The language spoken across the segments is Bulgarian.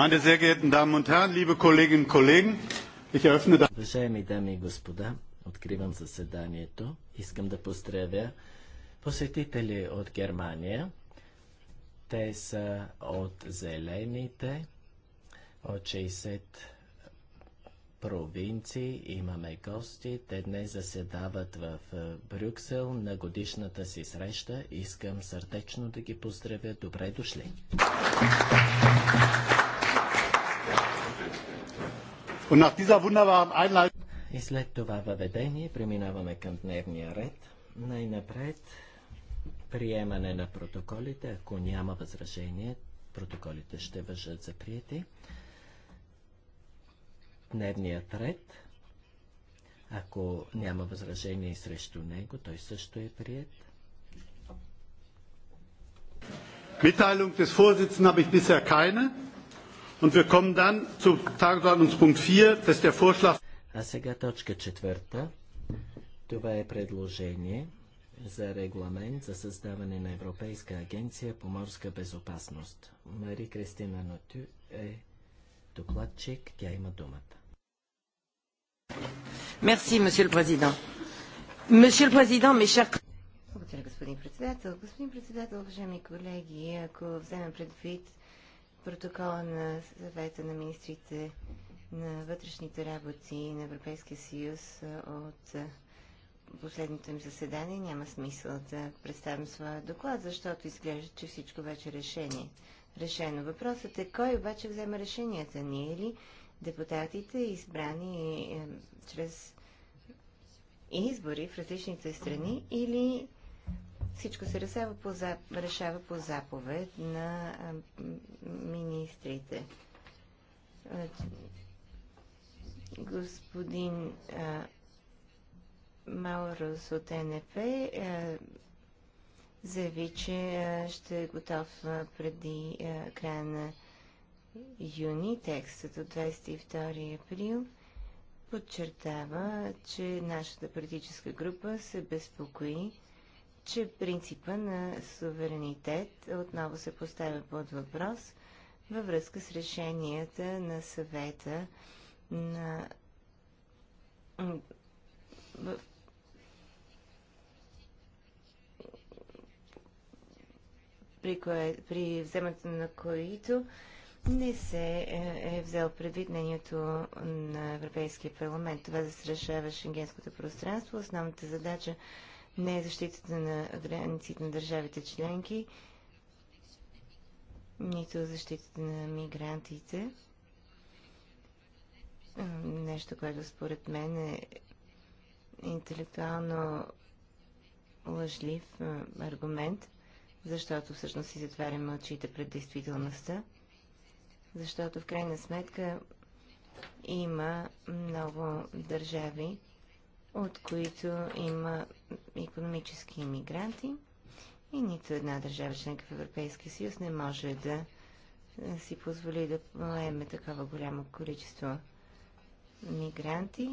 Meine sehr geehrten Damen und Herren, liebe Kolleginnen und Kollegen, ich eröffne das. Уважаеми дами и господа, откривам заседанието. Искам да поздравя посетители от Германия. Те са от зелените, от 60 провинции имаме гости. Те днес заседават в е, Брюксел на годишната си среща. Искам сърдечно да ги поздравя. Добре дошли! И след това въведение преминаваме към дневния ред. Най-напред приемане на протоколите. Ако няма възражение, протоколите ще въжат за прияти. Дневният ред. Ако няма възражение срещу него, той също е прият. Митайлунг des Vorsitzenden habe ich bisher keine. Und wir kommen dann zu Tagesordnungspunkt 4, das ist der Vorschlag. А сега точка четвърта. Това е предложение за регламент за създаване на Европейска агенция по морска безопасност. Мари Кристина Нотю е докладчик. Тя има думата. Мерси, месье президент. Месье президент, mes chers... Благодаря, господин председател. Господин председател, уважаеми колеги, ако вземем предвид протокола на съвета на министрите на вътрешните работи на Европейския съюз от последното им заседание. Няма смисъл да представям своя доклад, защото изглежда, че всичко вече е решение. решено. Въпросът е кой обаче взема решенията? Ние или депутатите, избрани е, е чрез избори в различните страни, или всичко се решава по, за... решава по заповед на министрите. Значи, господин Маурус от НФ заяви, че ще е готов преди края на юни. Текстът от 22 април подчертава, че нашата политическа група се безпокои че принципа на суверенитет отново се поставя под въпрос във връзка с решенията на съвета на при, кое, при вземането на които не се е, е взел предвид мнението на Европейския парламент. Това застрашава шенгенското пространство. Основната задача не е защитата на границите на държавите членки, нито защитата на мигрантите. Нещо, което според мен е интелектуално лъжлив аргумент, защото всъщност си затваряме очите пред действителността, защото в крайна сметка има много държави, от които има економически иммигранти и нито една държава членка в Европейския съюз не може да си позволи да поеме такова голямо количество мигранти.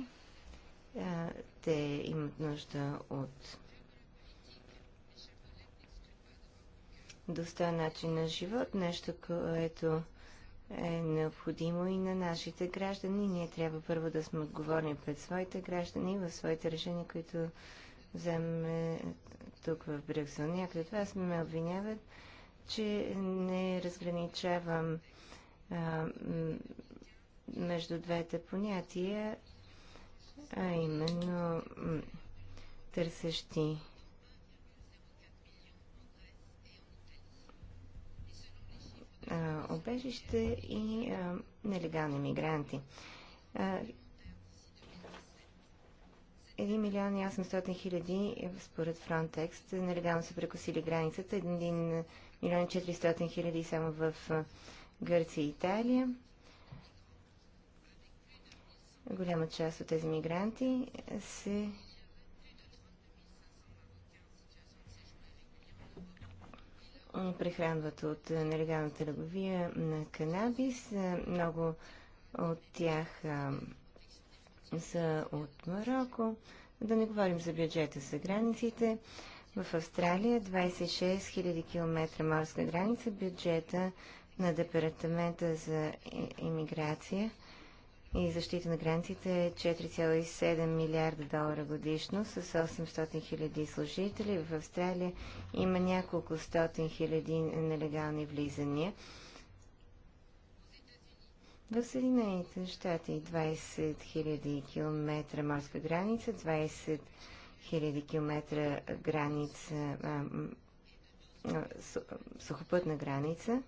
Те имат нужда от достоен начин на живот, нещо, което е необходимо и на нашите граждани. Ние трябва първо да сме отговорни пред своите граждани в своите решения, които Вземе тук в Брюксел. Някои от вас ме обвиняват, че не разграничавам а, между двете понятия, а именно търсещи обежище и а, нелегални мигранти. А, 1 милион и 800 хиляди, е, според Frontex, нелегално са прекосили границата. 1 милион и 400 хиляди само в Гърция и Италия. Голяма част от тези мигранти се прехранват от нелегалната търговия на канабис. Много от тях са от Марокко. Да не говорим за бюджета за границите. В Австралия 26 000 км морска граница, бюджета на Департамента за иммиграция и защита на границите е 4,7 милиарда долара годишно с 800 хиляди служители. В Австралия има няколко стотин хиляди нелегални влизания. В Съединените щати 20 000 км морска граница, 20 000 км граница, а, а, сухопътна граница.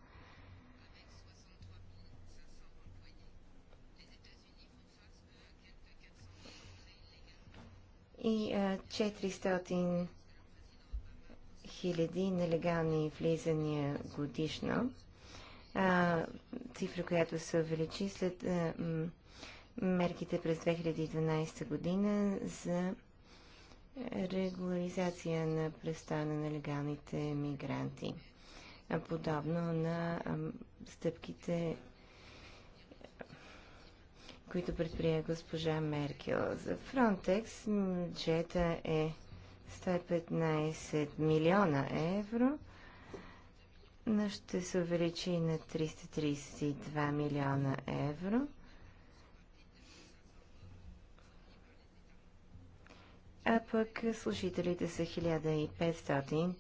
И а, 400 хиляди нелегални влизания годишно а, цифра, която се увеличи след а, мерките през 2012 година за регуляризация на престана на нелегалните мигранти. Подобно на а, стъпките, които предприе госпожа Меркел. За Фронтекс бюджета е 115 милиона евро но ще се увеличи на 332 милиона евро. А пък служителите са 1500,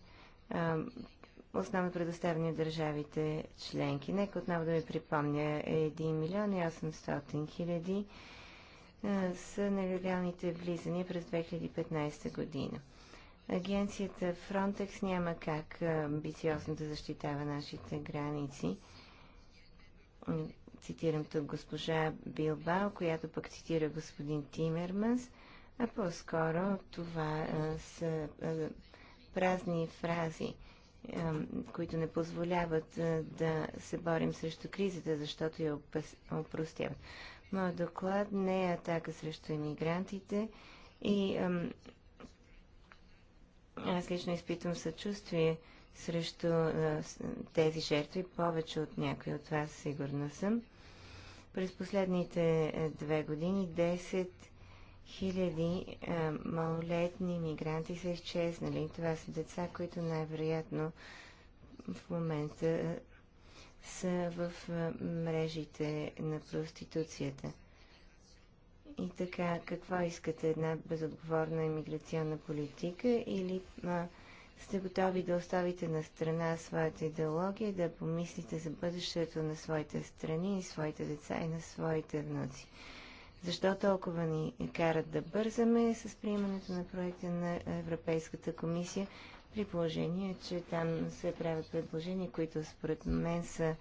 основно предоставени от държавите членки. Нека отново да ви припомня, 1 милион и 800 хиляди са нелегалните влизания през 2015 година. Агенцията Frontex няма как амбициозно да защитава нашите граници. Цитирам тук госпожа Билбао, която пък цитира господин Тимерманс, а по-скоро това а, са а, празни фрази, а, които не позволяват а, да се борим срещу кризата, защото я опростяват. Моят доклад не е атака срещу иммигрантите и аз лично изпитвам съчувствие срещу тези жертви, повече от някой от вас, сигурна съм. През последните е, две години 10 хиляди малолетни мигранти са изчезнали. Това са деца, които най-вероятно в момента са в мрежите на проституцията. И така, какво искате? Една безотговорна иммиграционна политика или а, сте готови да оставите на страна своята идеология, да помислите за бъдещето на своите страни, своите деца и на своите внуци? Защо толкова ни карат да бързаме с приемането на проекта на Европейската комисия, при положение, че там се правят предложения, които според мен са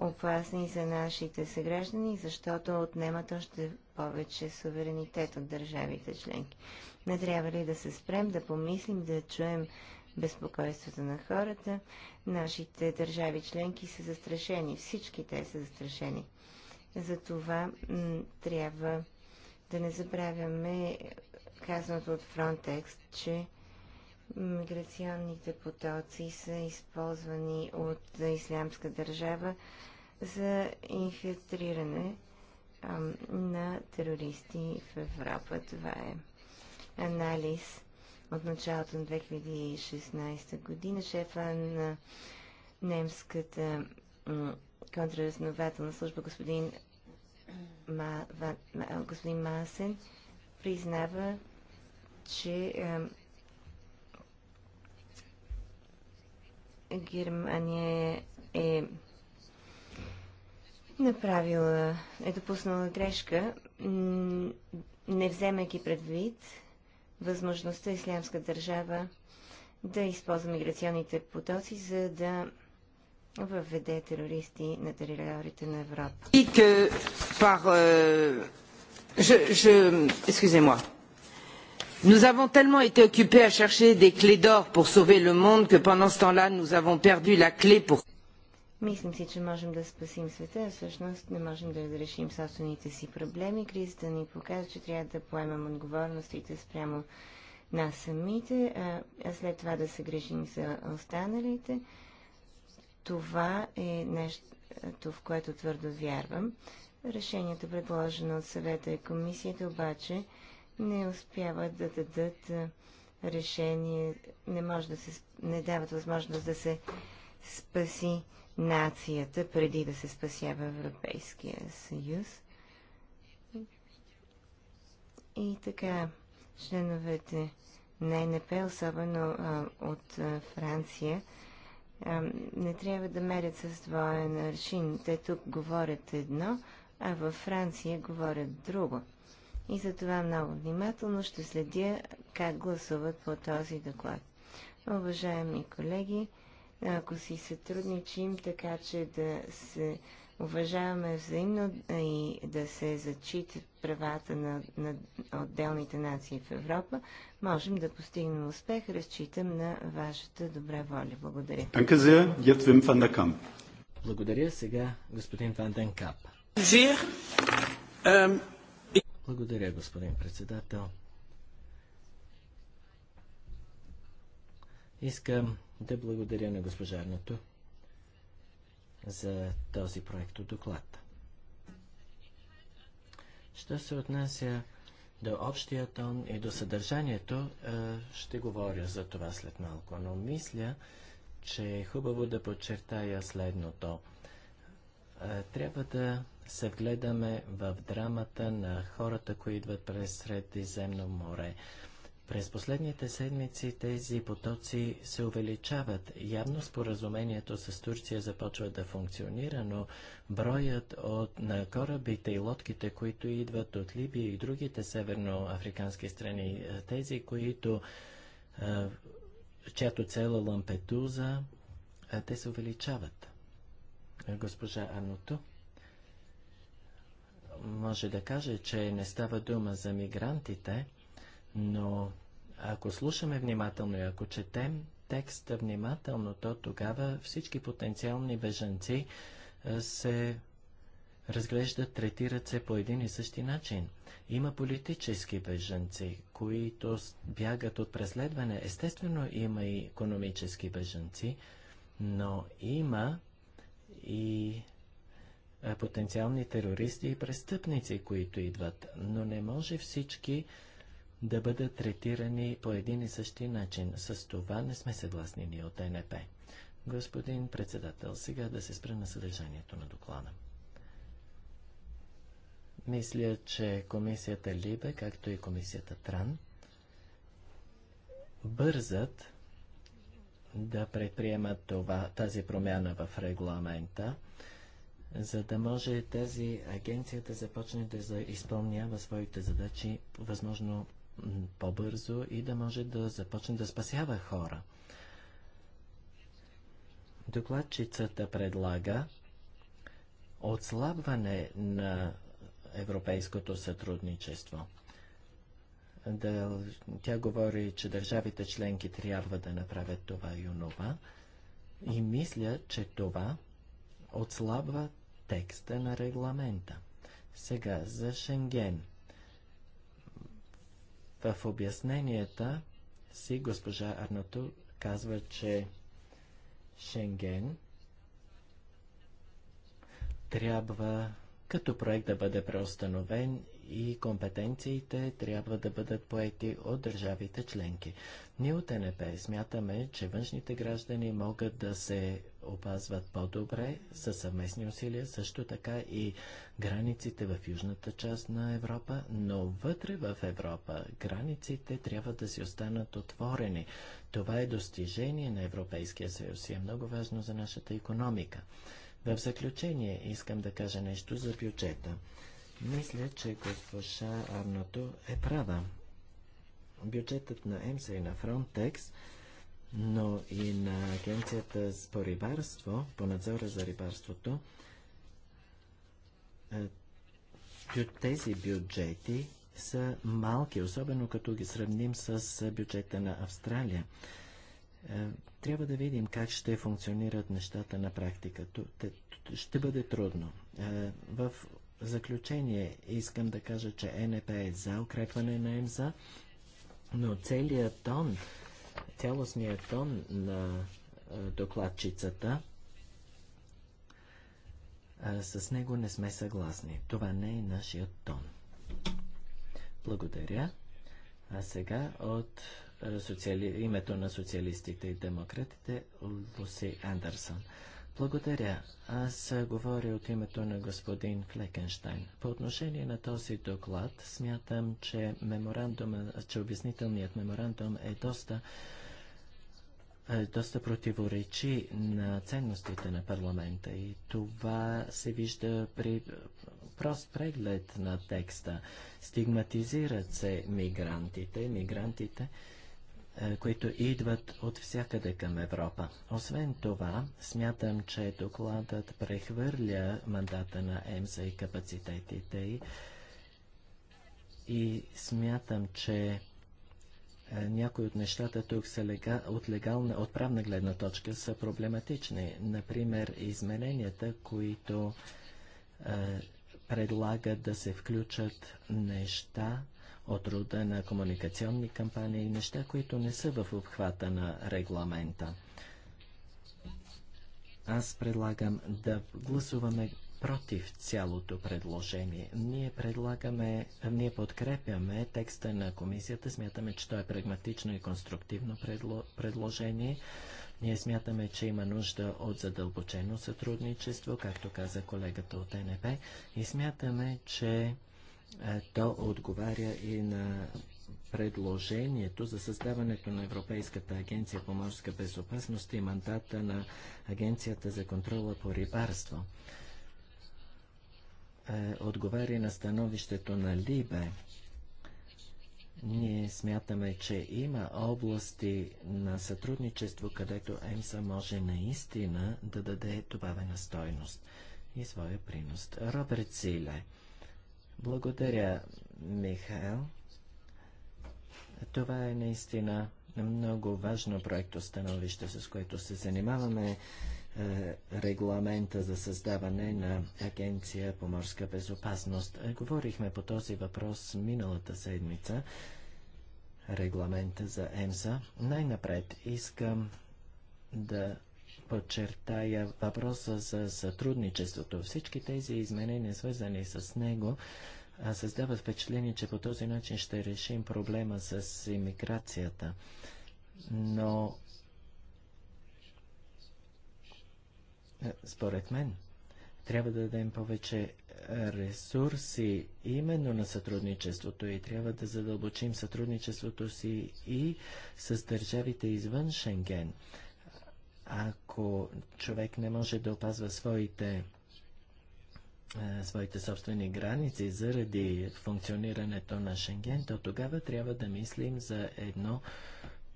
опасни за нашите съграждани, защото отнемат още повече суверенитет от държавите членки. Не трябва ли да се спрем, да помислим, да чуем безпокойството на хората? Нашите държави членки са застрашени, всички те са застрашени. Затова трябва да не забравяме казаното от Frontex, че миграционните потоци са използвани от Ислямска държава за инфилтриране на терористи в Европа. Това е анализ от началото на 2016 година. Шефа на немската контраразнователна служба господин, Ма, Ван, Ма, господин Масен признава, че Германия е, е направила, е допуснала грешка, не вземайки предвид възможността Ислямска държава да използва миграционните потоци, за да въведе терористи на територията на Европа. И че пар... euh, je excusez-moi. Nous avons tellement été occupés à chercher des clés d'or pour sauver le monde que pendant ce temps-là, nous avons perdu la clé pour Мислим си, че можем да спасим света, а всъщност не можем да разрешим собствените си проблеми. Кризата ни показва, че трябва да поемем отговорностите спрямо нас самите, а след това да се грижим за останалите. Това е нещо, в което твърдо вярвам. Решението, предложено от съвета и комисията, обаче не успяват да дадат решение, не, може да се, не дават възможност да се спаси нацията, преди да се спасява Европейския съюз. И така, членовете на НП, особено а, от а, Франция, а, не трябва да мерят с двоен аршин. Те тук говорят едно, а във Франция говорят друго. И за това много внимателно ще следя как гласуват по този доклад. Уважаеми колеги, ако си сътрудничим така, че да се уважаваме взаимно и да се зачитат правата на, на отделните нации в Европа, можем да постигнем успех. Разчитам на вашата добра воля. Благодаря. Благодаря сега господин Ван Благодаря, господин председател. Искам да благодаря на госпожарното за този проект от доклад. Що се отнася до общия тон и до съдържанието, е, ще говоря за това след малко, но мисля, че е хубаво да подчертая следното. Е, трябва да се вгледаме в драмата на хората, които идват през Средиземно море. През последните седмици тези потоци се увеличават. Явно споразумението с Турция започва да функционира, но броят от, на корабите и лодките, които идват от Либия и другите северноафрикански страни, е, тези, които, е, чиято цел е Лампедуза, те се увеличават. Госпожа Аното може да каже, че не става дума за мигрантите, но ако слушаме внимателно и ако четем текста внимателно, то тогава всички потенциални бежанци е, се разглеждат, третират се по един и същи начин. Има политически бежанци, които бягат от преследване. Естествено има и економически бежанци, но има и е, потенциални терористи и престъпници, които идват. Но не може всички да бъдат третирани по един и същи начин. С това не сме съгласни ни от ЕНП. Господин председател, сега да се спра на съдържанието на доклада. Мисля, че комисията Либе, както и комисията Тран, бързат да предприемат това, тази промяна в регламента, за да може тази агенция да започне да изпълнява своите задачи възможно по-бързо и да може да започне да спасява хора. Докладчицата предлага отслабване на европейското сътрудничество. Да, тя говори, че държавите членки трябва да направят това и онова. И мисля, че това отслабва текста на регламента. Сега за Шенген – в обясненията си госпожа Арнату казва, че Шенген трябва като проект да бъде преустановен и компетенциите трябва да бъдат поети от държавите членки. Ние от НП смятаме, че външните граждани могат да се опазват по-добре със съвместни усилия, също така и границите в южната част на Европа, но вътре в Европа границите трябва да си останат отворени. Това е достижение на Европейския съюз и е много важно за нашата економика. В заключение искам да кажа нещо за бюджета. Мисля, че госпожа Арното е права. Бюджетът на МСА и на Фронтекс – но и на Агенцията по рибарство, по надзора за рибарството, е, тези бюджети са малки, особено като ги сравним с е, бюджета на Австралия. Е, трябва да видим как ще функционират нещата на практика. Ще бъде трудно. В заключение искам да кажа, че НП е за укрепване на МЗА, но целият тон цялостния тон на докладчицата, с него не сме съгласни. Това не е нашият тон. Благодаря. А сега от социали... името на социалистите и демократите Луси Андерсон. Благодаря. Аз говоря от името на господин Флекенштайн. По отношение на този доклад, смятам, че, меморандум, че обяснителният меморандум е доста е, доста противоречи на ценностите на парламента и това се вижда при е, прост преглед на текста. Стигматизират се мигрантите, мигрантите, е, които идват от всякъде към Европа. Освен това, смятам, че докладът прехвърля мандата на ЕМСА и капацитетите и смятам, че е, някои от нещата тук са лега, от, легална, от правна гледна точка са проблематични. Например, измененията, които е, предлагат да се включат неща от рода на комуникационни кампании, неща, които не са в обхвата на регламента. Аз предлагам да гласуваме против цялото предложение. Ние предлагаме, ние подкрепяме текста на комисията, смятаме, че то е прагматично и конструктивно предло, предложение. Ние смятаме, че има нужда от задълбочено сътрудничество, както каза колегата от НП, и смятаме, че е, то отговаря и на предложението за създаването на Европейската агенция по морска безопасност и мандата на Агенцията за контрола по рибарство е, отговаря на становището на Либе. Ние смятаме, че има области на сътрудничество, където ЕМСА може наистина да даде добавена стойност и своя принос. Роберт Силе. Благодаря, Михаил. Това е наистина много важно проекто становище, с което се занимаваме. Е, регламента за създаване на Агенция по морска безопасност. Е, говорихме по този въпрос миналата седмица, регламента за ЕМСА. Най-напред искам да подчертая въпроса за сътрудничеството. Всички тези изменения, свързани с него, създават впечатление, че по този начин ще решим проблема с иммиграцията. Но Е, според мен, трябва да дадем повече е, ресурси именно на сътрудничеството и трябва да задълбочим сътрудничеството си и с държавите извън Шенген. Ако човек не може да опазва своите е, своите собствени граници заради функционирането на Шенген, то тогава трябва да мислим за едно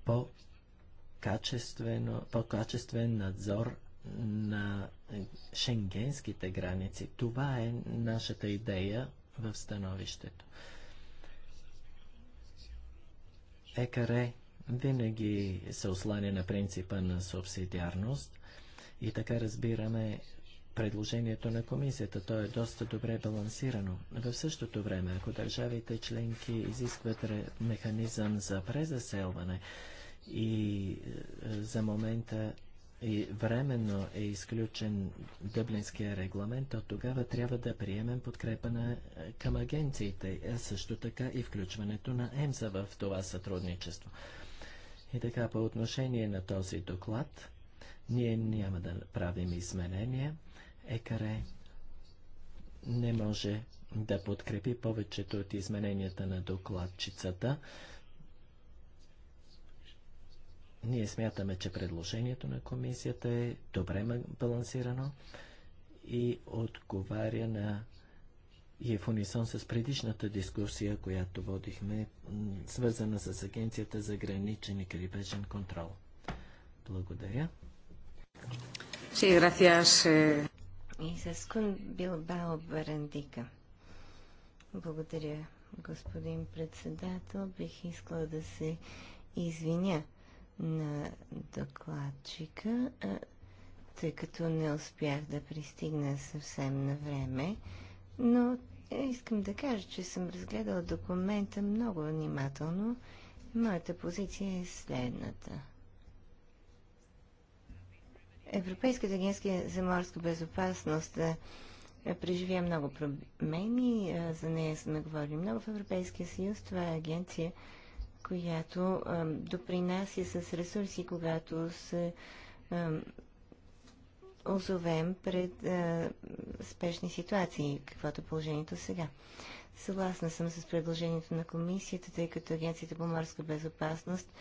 по-качествен по надзор на шенгенските граници. Това е нашата идея в становището. Екаре винаги се осланя на принципа на субсидиарност и така разбираме предложението на комисията. То е доста добре балансирано. В същото време, ако държавите членки изискват механизъм за презаселване и е, за момента и временно е изключен Дъблинския регламент, то тогава трябва да приемем подкрепа на, е, към агенциите, а е, също така и включването на ЕМСА в това сътрудничество. И така, по отношение на този доклад, ние няма да правим изменения. ЕКАРЕ не може да подкрепи повечето от измененията на докладчицата. Ние смятаме, че предложението на комисията е добре балансирано и отговаря на и е в унисон с предишната дискусия, която водихме, свързана с Агенцията за граничен и крибежен контрол. Благодаря. Sí, gracias. Eh. И с Кун Билбао Барандика. Благодаря, господин председател. Бих искала да се извиня на докладчика, тъй като не успях да пристигна съвсем на време, но искам да кажа, че съм разгледала документа много внимателно. Моята позиция е следната. Европейската агенция за морска безопасност преживя много промени. За нея сме говорили много в Европейския съюз. Това е агенция, която а, допринася с ресурси, когато се а, озовем пред а, спешни ситуации, каквото е положението сега. Съгласна съм с предложението на комисията, тъй като Агенцията по морска безопасност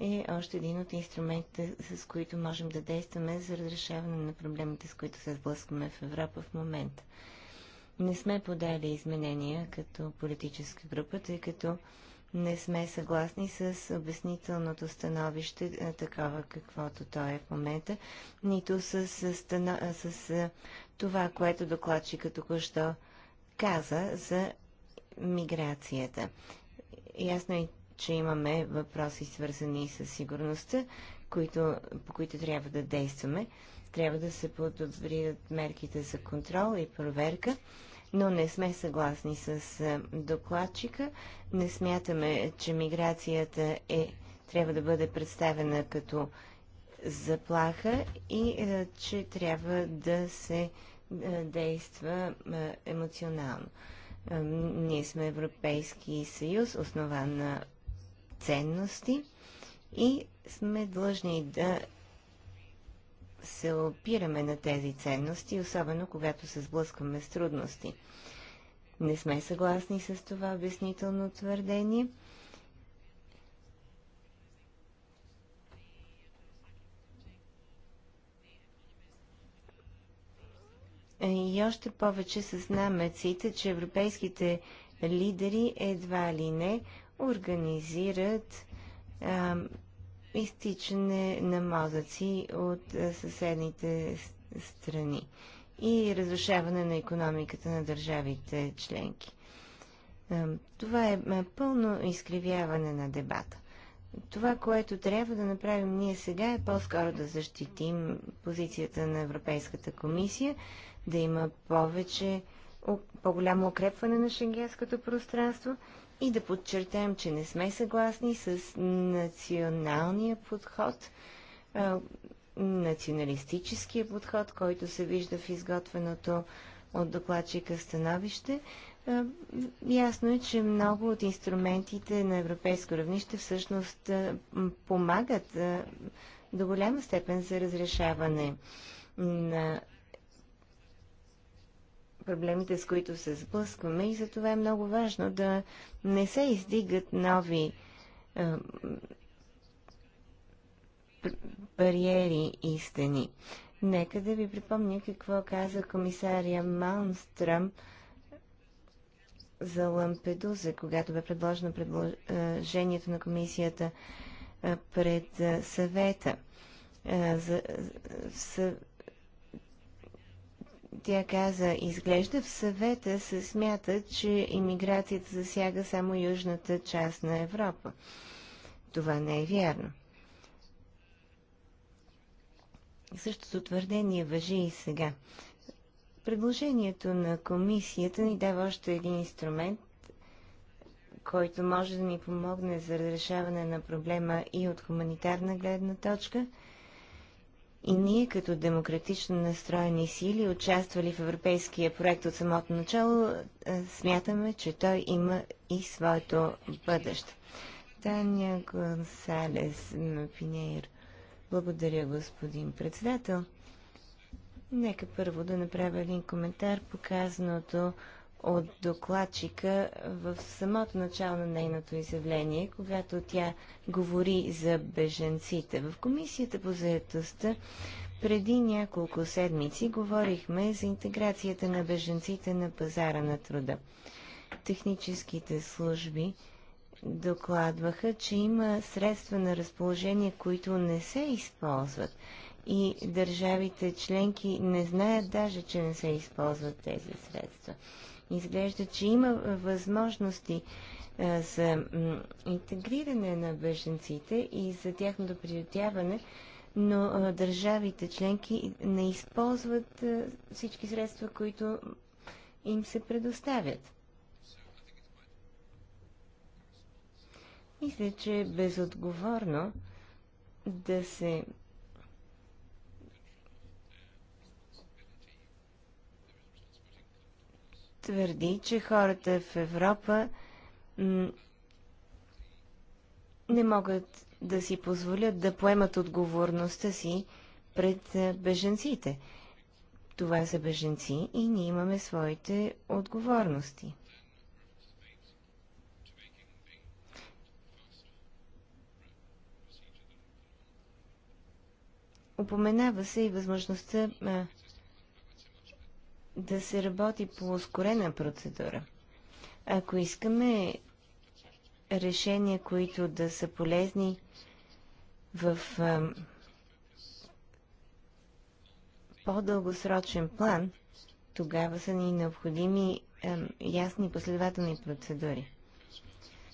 е още един от инструментите, с които можем да действаме за разрешаване на проблемите, с които се сблъскваме в Европа в момента. Не сме подали изменения като политическа група, тъй като не сме съгласни с обяснителното становище, е, такова каквото то е в момента, нито с, с, с, с това, което докладчика току-що каза за миграцията. Ясно е, че имаме въпроси свързани с сигурността, които, по които трябва да действаме. Трябва да се подобрят мерките за контрол и проверка но не сме съгласни с е, докладчика. Не смятаме, че миграцията е, трябва да бъде представена като заплаха и е, че трябва да се е, действа емоционално. Ние сме Европейски съюз, основан на ценности и сме длъжни да се опираме на тези ценности, особено когато се сблъскваме с трудности. Не сме съгласни с това обяснително твърдение. И още повече с намеците, че европейските лидери едва ли не организират а, изтичане на мозъци от е, съседните страни и разрушаване на економиката на държавите членки. Това е пълно изкривяване на дебата. Това, което трябва да направим ние сега е по-скоро да защитим позицията на Европейската комисия, да има повече по-голямо укрепване на шенгенското пространство и да подчертаем, че не сме съгласни с националния подход, националистическия подход, който се вижда в изготвеното от докладчика становище. ясно е, че много от инструментите на европейско равнище всъщност помагат до голяма степен за разрешаване на проблемите, с които се сблъскваме и затова е много важно да не се издигат нови е, бариери и стени. Нека да ви припомня какво каза комисария Малмстръм за Лампедуза, когато бе предложено предложението на комисията пред съвета. За, за, тя каза, изглежда в съвета се смята, че иммиграцията засяга само южната част на Европа. Това не е вярно. Същото твърдение въжи и сега. Предложението на комисията ни дава още един инструмент, който може да ни помогне за разрешаване на проблема и от хуманитарна гледна точка – и ние като демократично настроени сили, участвали в европейския проект от самото начало, е, смятаме, че той има и своето бъдеще. Таня Гонсалес Пинейр. Благодаря, господин председател. Нека първо да направя един коментар по казаното от докладчика в самото начало на нейното изявление, когато тя говори за беженците. В Комисията по заедостта преди няколко седмици говорихме за интеграцията на беженците на пазара на труда. Техническите служби докладваха, че има средства на разположение, които не се използват и държавите членки не знаят даже, че не се използват тези средства. Изглежда, че има възможности за интегриране на беженците и за тяхното приютяване, но държавите членки не използват всички средства, които им се предоставят. Мисля, че е безотговорно да се твърди, че хората в Европа не могат да си позволят да поемат отговорността си пред беженците. Това са беженци и ние имаме своите отговорности. Упоменава се и възможността а, да се работи по ускорена процедура. Ако искаме решения, които да са полезни в по-дългосрочен план, тогава са ни необходими а, ясни последователни процедури.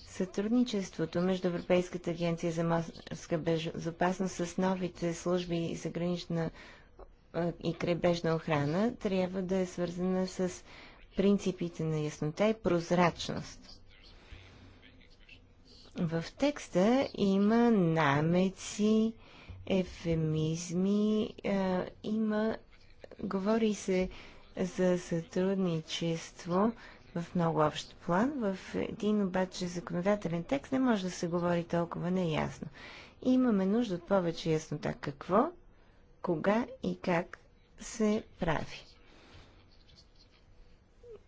Сътрудничеството между Европейската агенция за морска безопасност с новите служби за гранична и крайбрежна охрана трябва да е свързана с принципите на яснота и прозрачност. В текста има намеци, ефемизми, а, има, говори се за сътрудничество в много общ план, в един обаче законодателен текст не може да се говори толкова неясно. Имаме нужда от повече яснота какво кога и как се прави.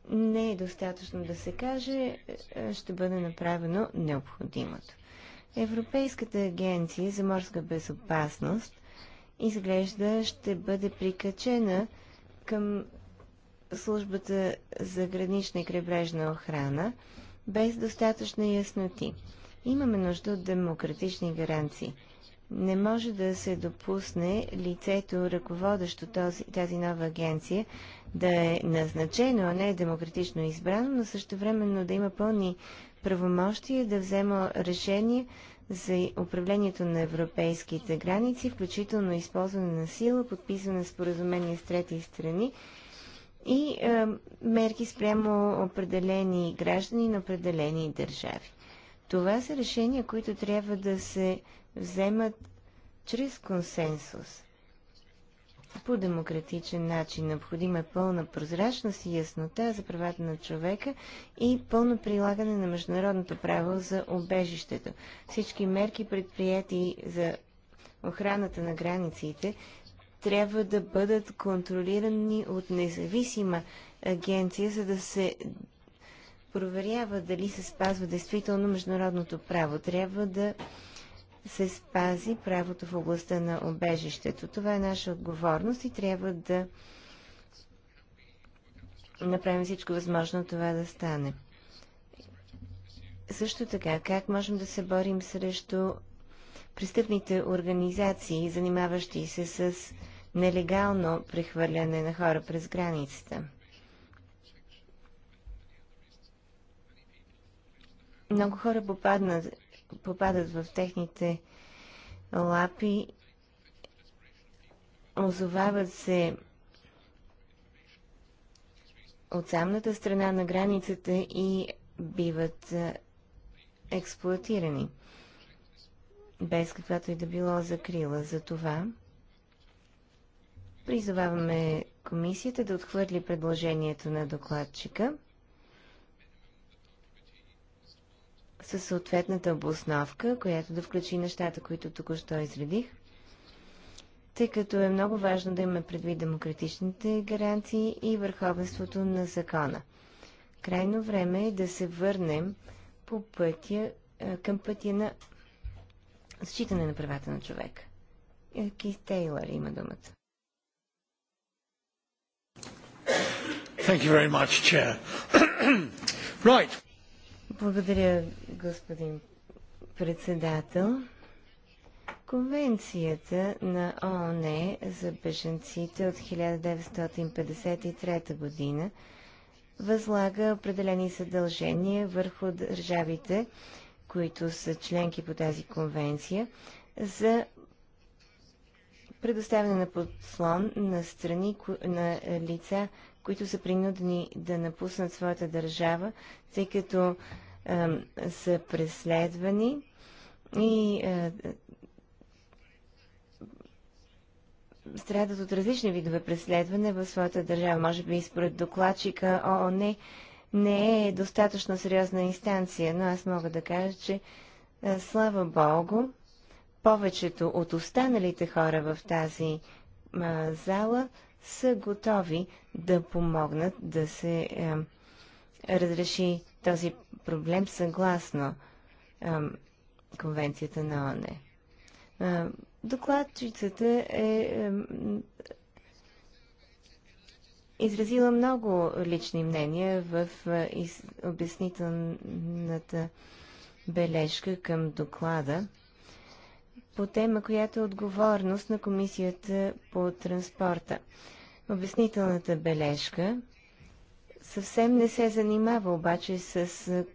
Не е достатъчно да се каже, е, ще бъде направено необходимото. Европейската агенция за морска безопасност изглежда ще бъде прикачена към службата за гранична и крайбрежна охрана без достатъчна ясноти. Имаме нужда от демократични гаранции – не може да се допусне лицето, ръководещо този, тази нова агенция, да е назначено, а не е демократично избрано, но също времено да има пълни правомощия да взема решение за управлението на европейските граници, включително използване на сила, подписване на споразумение с трети страни и е, мерки спрямо определени граждани на определени държави. Това са решения, които трябва да се вземат чрез консенсус. По демократичен начин необходима е пълна прозрачност и яснота за правата на човека и пълно прилагане на международното право за обежището. Всички мерки предприяти за охраната на границите трябва да бъдат контролирани от независима агенция, за да се проверява дали се спазва действително международното право. Трябва да се спази правото в областта на обежището. Това е наша отговорност и трябва да направим всичко възможно това да стане. Също така, как можем да се борим срещу престъпните организации, занимаващи се с нелегално прехвърляне на хора през границата? Много хора попаднат попадат в техните лапи, озовават се от самната страна на границата и биват експлуатирани без каквато и да било закрила. За това призоваваме комисията да отхвърли предложението на докладчика със съответната обосновка, която да включи нещата, които току-що изредих, тъй като е много важно да имаме предвид демократичните гаранции и върховенството на закона. Крайно време е да се върнем по пътя, към пътя на зачитане на правата на човека. Е, Кис Тейлър има думата. Thank you very much, Chair. right. Благодаря, господин председател. Конвенцията на ООН за беженците от 1953 година възлага определени съдължения върху държавите, които са членки по тази конвенция, за предоставяне на подслон на страни, на лица, които са принудени да напуснат своята държава, тъй като а, са преследвани и а, страдат от различни видове преследване в своята държава. Може би според докладчика ООН не е достатъчно сериозна инстанция, но аз мога да кажа, че слава Богу, повечето от останалите хора в тази а, зала са готови да помогнат да се е, разреши този проблем съгласно е, Конвенцията на ОНЕ. Е, докладчицата е, е изразила много лични мнения в е, из... обяснителната бележка към доклада по тема, която е отговорност на Комисията по транспорта. Обяснителната бележка съвсем не се занимава обаче с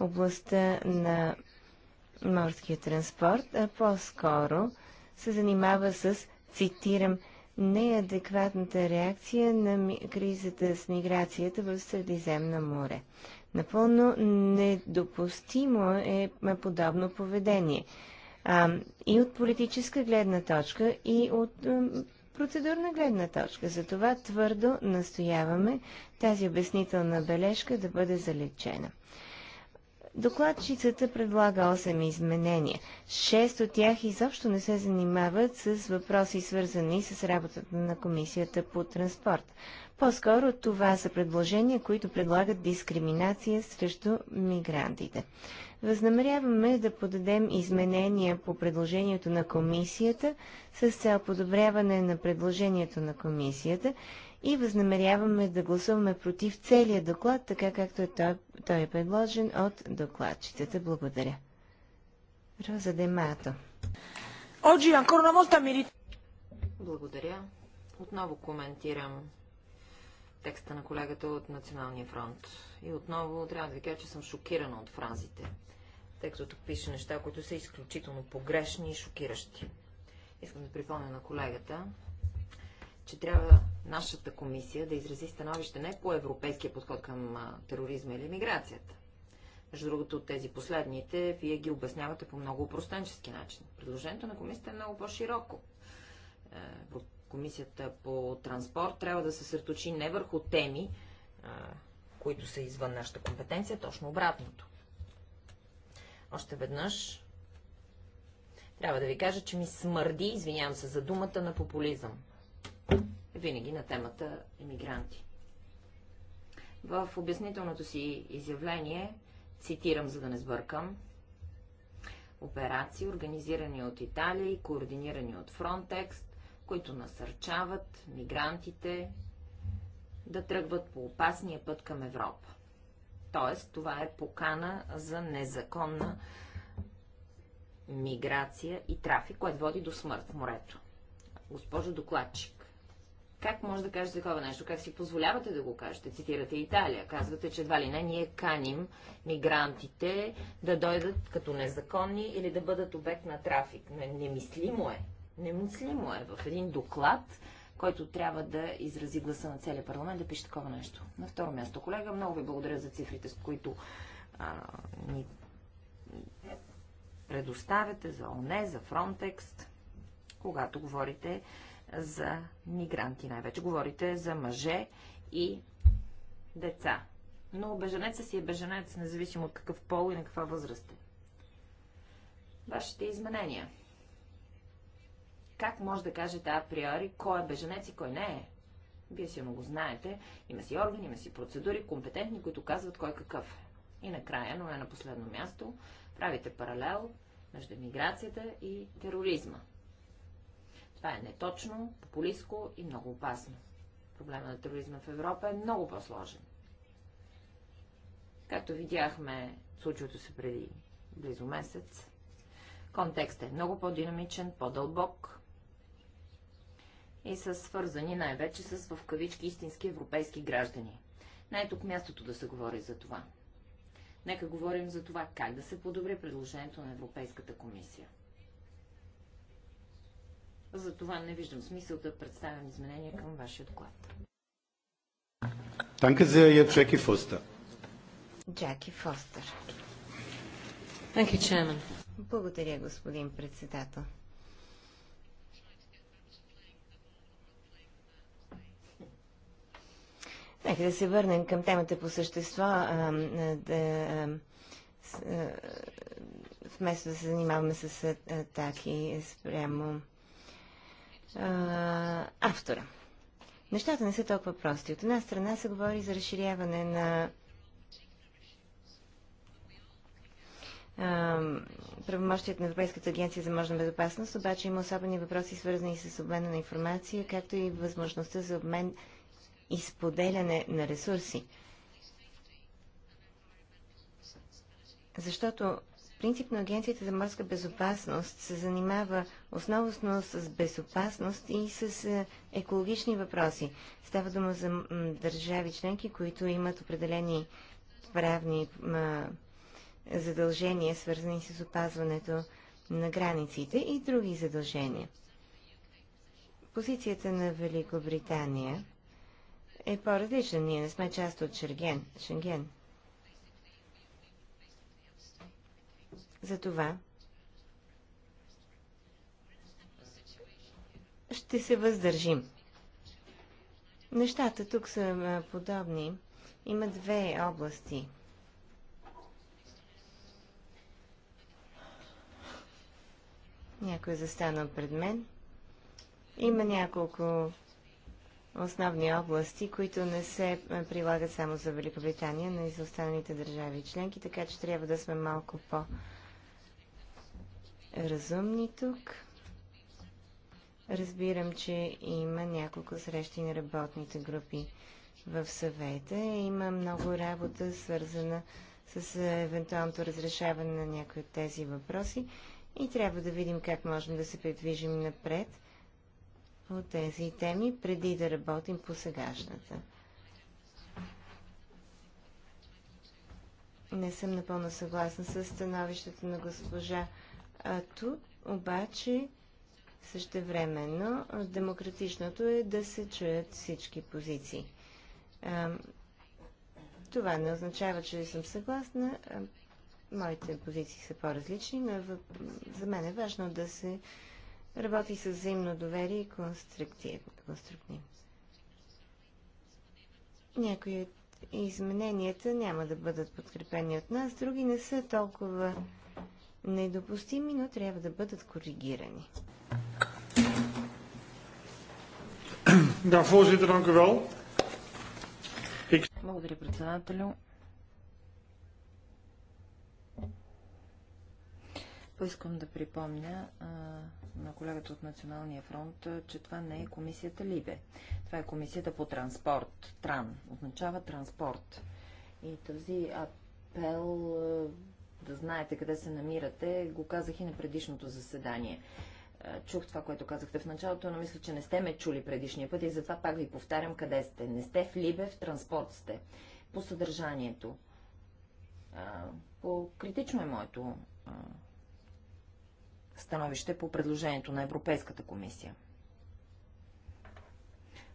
областта на морския транспорт, а по-скоро се занимава с, цитирам, неадекватната реакция на кризата с миграцията в Средиземно море. Напълно недопустимо е подобно поведение а, и от политическа гледна точка, и от а, процедурна гледна точка. Затова твърдо настояваме тази обяснителна бележка да бъде залечена. Докладчицата предлага 8 изменения. Шест от тях изобщо не се занимават с въпроси, свързани с работата на Комисията по транспорт. По-скоро това са предложения, които предлагат дискриминация срещу мигрантите. Възнамеряваме да подадем изменения по предложението на комисията с цел подобряване на предложението на комисията и възнамеряваме да гласуваме против целия доклад, така както е той, той е предложен от докладчицата. Благодаря. Роза Демато. Оджи, Благодаря. Отново коментирам текста на колегата от Националния фронт. И отново трябва да ви кажа, че съм шокирана от фразите, тъй като тук пише неща, които са изключително погрешни и шокиращи. Искам да припомня на колегата, че трябва нашата комисия да изрази становище не по европейския подход към тероризма или миграцията. Между другото, тези последните, вие ги обяснявате по много упростенчески начин. Предложението на комисията е много по-широко. Е, комисията по транспорт трябва да се сърточи не върху теми, които са извън нашата компетенция, точно обратното. Още веднъж трябва да ви кажа, че ми смърди, извинявам се за думата, на популизъм. Винаги на темата емигранти. В обяснителното си изявление, цитирам, за да не сбъркам, операции, организирани от Италия и координирани от Фронтекст, които насърчават мигрантите да тръгват по опасния път към Европа. Тоест, това е покана за незаконна миграция и трафик, което води до смърт в морето. Госпожо докладчик, как може да кажете такова нещо? Как си позволявате да го кажете? Цитирате Италия. Казвате, че едва ли не ние каним мигрантите да дойдат като незаконни или да бъдат обект на трафик. Немислимо е. Немислимо е в един доклад който трябва да изрази гласа на целия парламент да пише такова нещо. На второ място, колега, много ви благодаря за цифрите, с които а, ни предоставяте за ОНЕ, за Фронтекст, когато говорите за мигранти. Най-вече говорите за мъже и деца. Но беженеца си е беженец, независимо от какъв пол и на каква възраст е. Вашите изменения – как може да кажете априори кой е беженец и кой не е? Вие си много знаете. Има си органи, има си процедури, компетентни, които казват кой какъв е. И накрая, но не на последно място, правите паралел между миграцията и тероризма. Това е неточно, популистко и много опасно. Проблема на тероризма в Европа е много по-сложен. Както видяхме случилото се преди близо месец, контекстът е много по-динамичен, по-дълбок, и са свързани най-вече с в кавички истински европейски граждани. Не е тук мястото да се говори за това. Нека говорим за това как да се подобри предложението на Европейската комисия. За това не виждам смисъл да представям изменения към вашия доклад. Танка за я Джеки Фостер. Джаки Фостер. Благодаря, господин председател. Нека да се върнем към темата по същество, а, да, а, с, а, вместо да се занимаваме с атаки спрямо автора. Нещата не са толкова прости. От една страна се говори за разширяване на правомощият на Европейската агенция за можна безопасност, обаче има особени въпроси, свързани с обмена на информация, както и възможността за обмен и споделяне на ресурси. Защото принципно Агенцията за морска безопасност се занимава основно с безопасност и с е, екологични въпроси. Става дума за държави членки, които имат определени правни задължения, свързани с опазването на границите и други задължения. Позицията на Великобритания – е по-различен. Ние не сме част от Шерген, Шенген. Затова ще се въздържим. Нещата тук са подобни. Има две области. Някой е застанал пред мен. Има няколко основни области, които не се е, прилагат само за Великобритания, но и за останалите държави членки, така че трябва да сме малко по-разумни тук. Разбирам, че има няколко срещи на работните групи в съвета. Има много работа, свързана с е, евентуалното разрешаване на някои от тези въпроси и трябва да видим как можем да се придвижим напред – по тези теми, преди да работим по сегашната. Не съм напълно съгласна с становището на госпожа Ату, обаче същевременно демократичното е да се чуят всички позиции. Това не означава, че съм съгласна. Моите позиции са по-различни, но е за мен е важно да се работи с взаимно доверие и конструктивност. Някои от измененията няма да бъдат подкрепени от нас, други не са толкова недопустими, но трябва да бъдат коригирани. Да, voorzitter, dank u wel. Благодаря, председателю. Поискам да припомня на колегата от Националния фронт, че това не е комисията Либе. Това е комисията по транспорт. Тран. Означава транспорт. И този апел да знаете къде се намирате, го казах и на предишното заседание. Чух това, което казахте в началото, но мисля, че не сте ме чули предишния път и затова пак ви повтарям къде сте. Не сте в Либе, в транспорт сте. По съдържанието. По критично е моето становище по предложението на Европейската комисия.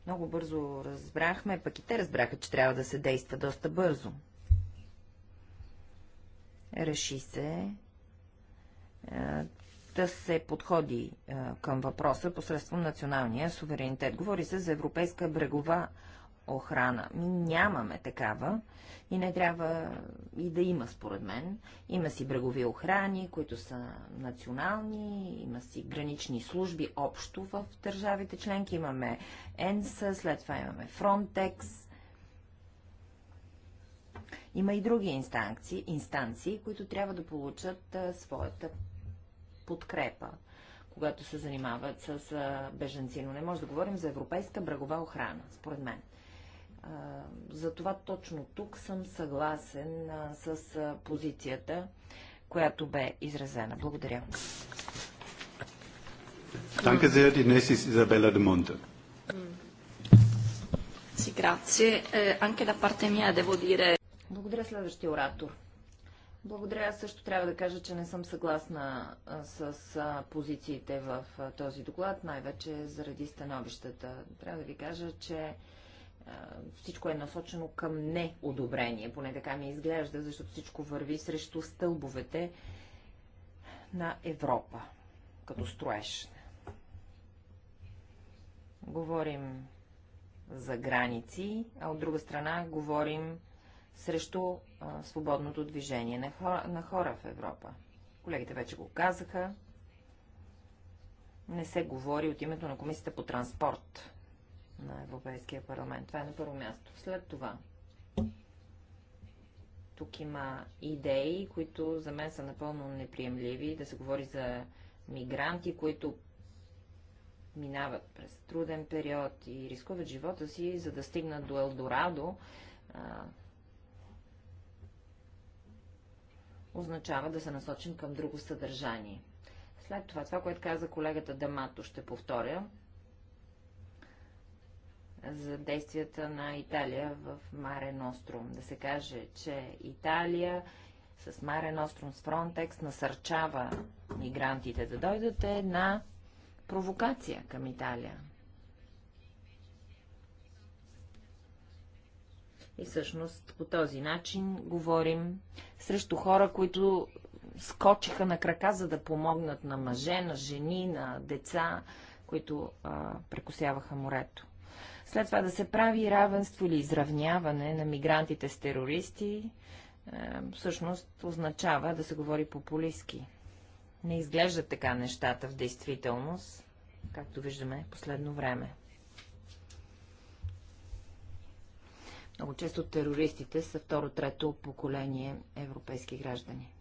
Много бързо разбрахме, пък и те разбраха, че трябва да се действа доста бързо. Реши се е, да се подходи е, към въпроса посредством националния суверенитет. Говори се за европейска брегова охрана. Нямаме такава и не трябва и да има, според мен. Има си брегови охрани, които са национални, има си гранични служби общо в държавите членки. Имаме ЕНСА, след това имаме Фронтекс. Има и други инстанции, инстанции които трябва да получат а, своята подкрепа, когато се занимават с беженци. Но не може да говорим за европейска брегова охрана, според мен. Затова точно тук съм съгласен с позицията, която бе изразена. Благодаря. Danke sehr. Die nächste ist Isabella de Monte. Sì, grazie. Eh, anche da parte mia devo dire... Благодаря следващия оратор. Благодаря. Аз също трябва да кажа, че не съм съгласна с позициите в този доклад, най-вече заради становищата. Трябва да ви кажа, че всичко е насочено към неодобрение, поне така ми изглежда, защото всичко върви срещу стълбовете на Европа, като строеж. Говорим за граници, а от друга страна говорим срещу а, свободното движение на хора, на хора в Европа. Колегите вече го казаха. Не се говори от името на Комисията по транспорт на Европейския парламент. Това е на първо място. След това тук има идеи, които за мен са напълно неприемливи. Да се говори за мигранти, които минават през труден период и рискуват живота си, за да стигнат до Елдорадо, а, означава да се насочим към друго съдържание. След това, това, което каза колегата Дамато, ще повторя за действията на Италия в Маре Ностром. Да се каже, че Италия с Маре Ностром с Фронтекс насърчава мигрантите да дойдат е една провокация към Италия. И всъщност по този начин говорим срещу хора, които скочиха на крака, за да помогнат на мъже, на жени, на деца, които а, прекусяваха морето. След това да се прави равенство или изравняване на мигрантите с терористи, е, всъщност означава да се говори популистски. Не изглеждат така нещата в действителност, както виждаме последно време. Много често терористите са второ-трето поколение европейски граждани.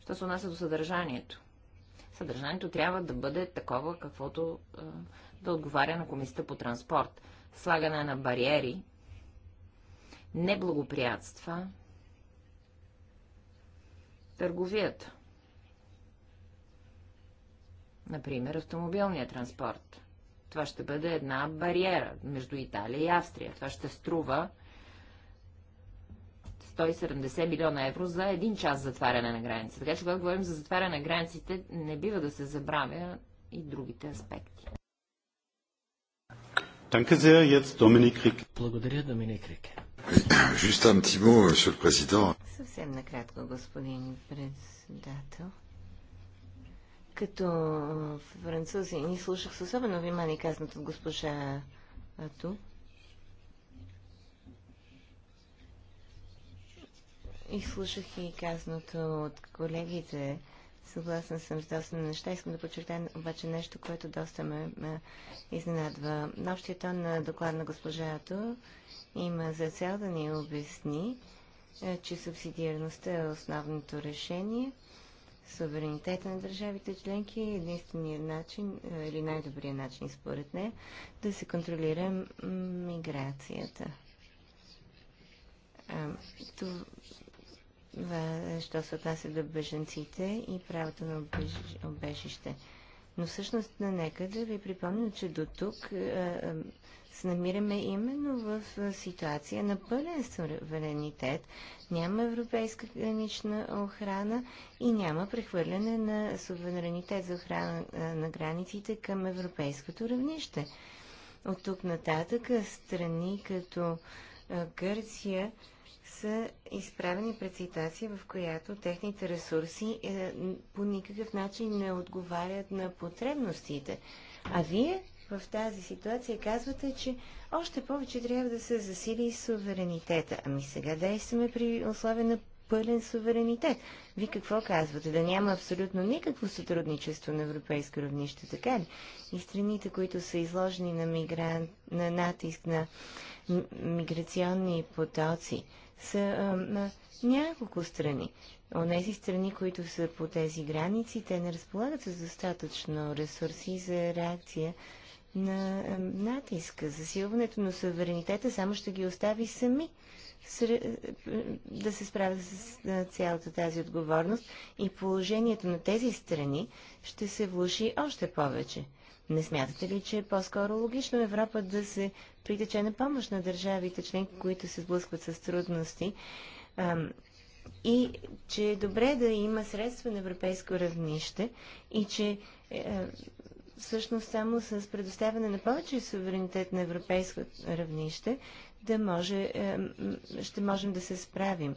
Що се отнася до съдържанието? Съдържанието трябва да бъде такова, каквото е, да отговаря на Комисията по транспорт. Слагане на бариери неблагоприятства търговията. Например, автомобилния транспорт. Това ще бъде една бариера между Италия и Австрия. Това ще струва 170 милиона евро за един час затваряне на границите. Така че, когато говорим за затваряне на границите, не бива да се забравя и другите аспекти. Danke sehr, jetzt Dominik Rick. Благодаря, Доминик Рик. Juste un petit mot, monsieur euh, le président. Съвсем накратко, господин председател. Като французи ни слушах с особено внимание казаното от госпожа Ату. И слушах и казаното от колегите Съгласна съм с доста неща. Искам да подчертая обаче нещо, което доста ме, ме изненадва. Общия тон на доклад на госпожато има за цел да ни обясни, е, че субсидиарността е основното решение. Суверенитета на държавите членки е единственият начин, е, или най-добрият начин, според нея, да се контролира миграцията що се отнася до беженците и правото на обежище. Но всъщност, нека да ви припомня, че до тук се намираме именно в ситуация на пълен суверенитет. Няма европейска гранична охрана и няма прехвърляне на суверенитет за охрана на границите към европейското равнище. От тук нататък страни като Гърция са изправени пред ситуация, в която техните ресурси е, по никакъв начин не отговарят на потребностите. А вие в тази ситуация казвате, че още повече трябва да се засили суверенитета. Ами сега действаме при условие на пълен суверенитет. Вие какво казвате? Да няма абсолютно никакво сътрудничество на европейско равнище, така ли? И страните, които са изложени на, мигрант, на натиск на миграционни потоци, са а, няколко страни. Онези страни, които са по тези граници, те не разполагат с достатъчно ресурси за реакция на а, натиска. Засилването на суверенитета само ще ги остави сами да се справят с цялата тази отговорност и положението на тези страни ще се влуши още повече. Не смятате ли, че е по-скоро логично Европа да се притече на помощ на държавите членки, които се сблъскват с трудности? и че е добре да има средства на европейско равнище и че е, всъщност само с предоставяне на повече суверенитет на европейско равнище да може, е, ще можем да се справим.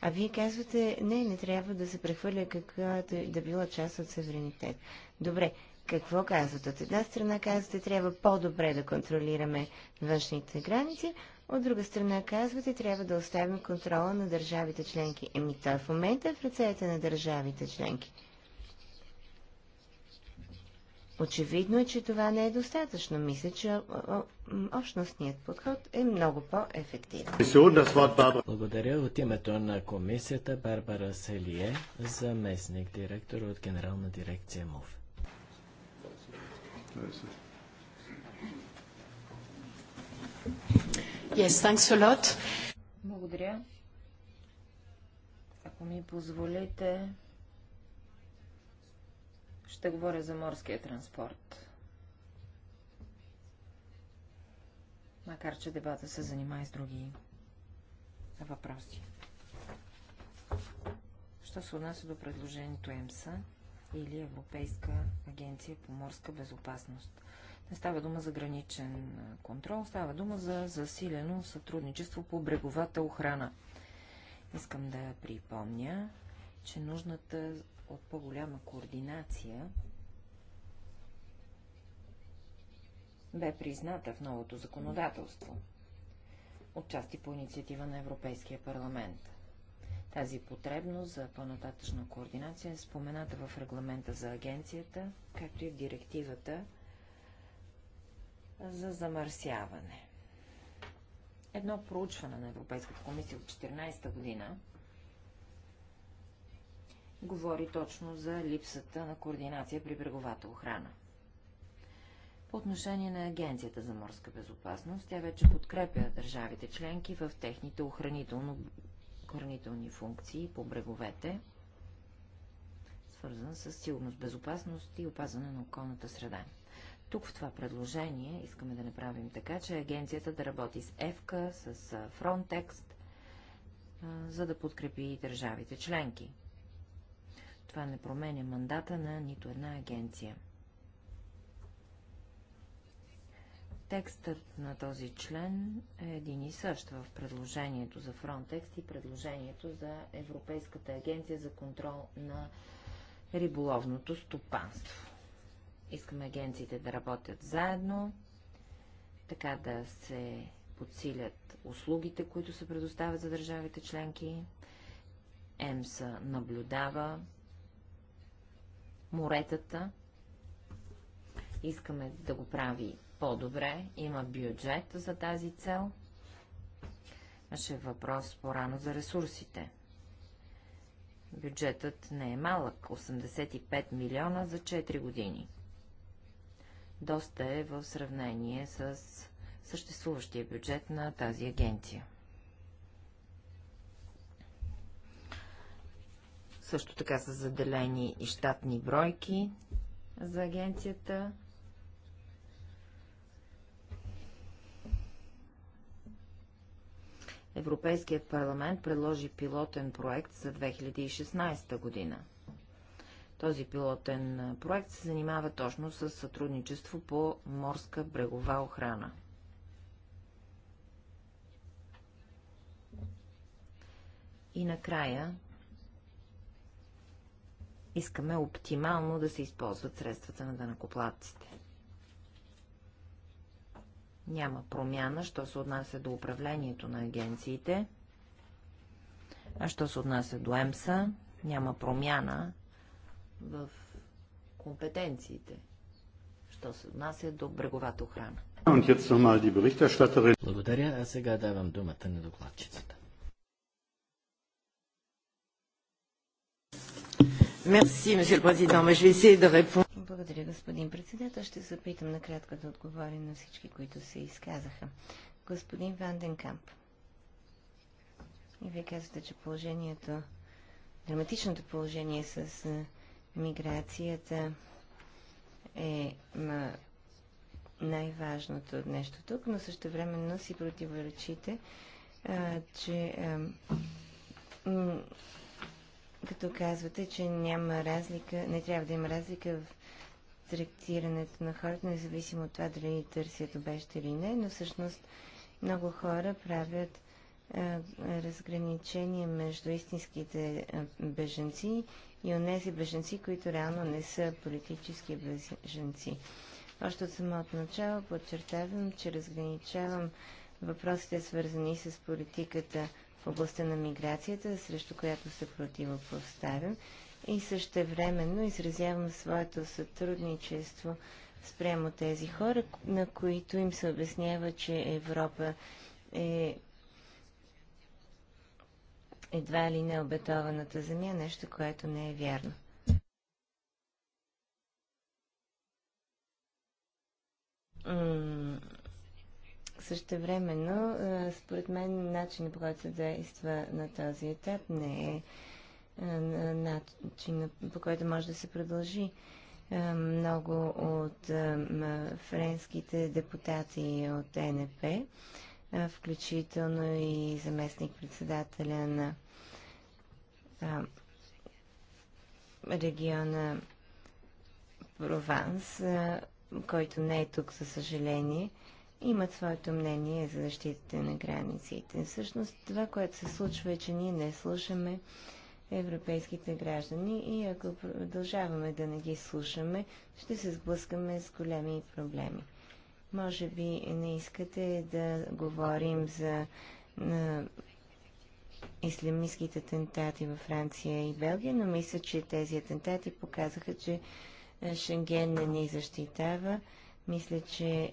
А вие казвате, не, не трябва да се прехвърля каквато да била част от суверенитет. Добре, какво казват? От една страна казвате, трябва по-добре да контролираме външните граници, от друга страна казвате, трябва да оставим контрола на държавите членки. Еми той в момента е в ръцете на държавите членки. Очевидно е, че това не е достатъчно. Мисля, че общностният подход е много по-ефективен. Благодаря от името на комисията Барбара Селие, заместник директор от Генерална дирекция МОВ. Yes, thanks a lot. Благодаря. Ако ми позволите, ще говоря за морския транспорт. Макар, че дебата се занимава и с други въпроси. Що се отнася до предложението ЕМСА, или Европейска агенция по морска безопасност. Не става дума за граничен контрол, става дума за засилено сътрудничество по бреговата охрана. Искам да припомня, че нужната от по-голяма координация бе призната в новото законодателство, отчасти по инициатива на Европейския парламент. Тази потребност за по-нататъчна координация е спомената в регламента за агенцията, както и в директивата за замърсяване. Едно проучване на Европейската комисия от 2014 година говори точно за липсата на координация при бреговата охрана. По отношение на Агенцията за морска безопасност, тя вече подкрепя държавите членки в техните охранително корнителни функции по бреговете, свързан с сигурност, безопасност и опазване на околната среда. Тук в това предложение искаме да направим така, че агенцията да работи с ЕФКА, с Фронтекст, за да подкрепи държавите членки. Това не променя мандата на нито една агенция. Текстът на този член е един и същ в предложението за Frontex и предложението за Европейската агенция за контрол на риболовното стопанство. Искаме агенциите да работят заедно, така да се подсилят услугите, които се предоставят за държавите членки. ЕМСА наблюдава моретата. Искаме да го прави по-добре, има бюджет за тази цел. Имаше въпрос по-рано за ресурсите. Бюджетът не е малък, 85 милиона за 4 години. Доста е в сравнение с съществуващия бюджет на тази агенция. Също така са заделени и щатни бройки за агенцията. Европейският парламент предложи пилотен проект за 2016 година. Този пилотен проект се занимава точно с сътрудничество по морска брегова охрана. И накрая искаме оптимално да се използват средствата на данакоплатците. Няма промяна, що се отнася до управлението на агенциите. А що се отнася до ЕМСА, няма промяна в компетенциите, що се отнася до бреговата охрана. Благодаря, а сега давам думата на докладчицата. Merci, Monsieur le Président. Mais je vais essayer de répondre. Благодаря, господин председател. Ще се опитам накратко да отговоря на всички, които се изказаха. Господин Ванденкамп, и вие казвате, че положението, драматичното положение с миграцията е най-важното нещо тук, но също времено си противоречите, че като казвате, че няма разлика, не трябва да има разлика в третирането на хората, независимо от това дали търсят обеща или не, но всъщност много хора правят а, разграничение между истинските беженци и онези беженци, които реално не са политически беженци. Още от самото начало подчертавам, че разграничавам въпросите, свързани с политиката в областта на миграцията, срещу която се противопоставям, и същевременно изразявам своето сътрудничество спрямо тези хора, на които им се обяснява, че Европа е едва ли не обетованата земя, нещо, което не е вярно. Същевременно, според мен, начинът по който се действа на този етап не е е, начина по който може да се продължи. Е, много от е, френските депутати от ЕНП, включително и заместник-председателя на региона Прованс, който не е тук, за съжаление, имат своето мнение за защитите на границите. Всъщност това, което се случва е, че ние не слушаме европейските граждани и ако продължаваме да не ги слушаме, ще се сблъскаме с големи проблеми. Може би не искате да говорим за на, ислямистските атентати във Франция и Белгия, но мисля, че тези атентати показаха, че Шенген не ни защитава. Мисля, че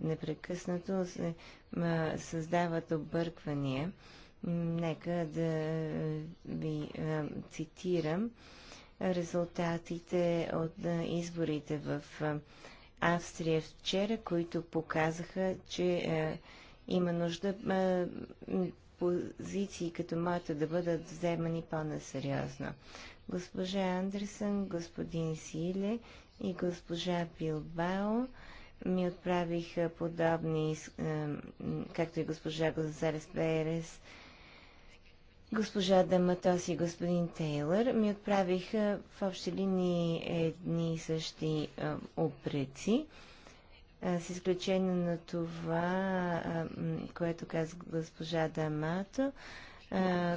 непрекъснато се създават обърквания. Нека да ви е, цитирам резултатите от е, изборите в е, Австрия вчера, които показаха, че има нужда позиции като моята да бъдат вземани по-насериозно. Госпожа Андерсън, господин Силе и госпожа Билбао ми отправиха подобни, както и госпожа Гонзарес Перес, Госпожа Даматос и господин Тейлър ми отправиха в общи линии едни и същи опреци, с изключение на това, което каза госпожа Дамато,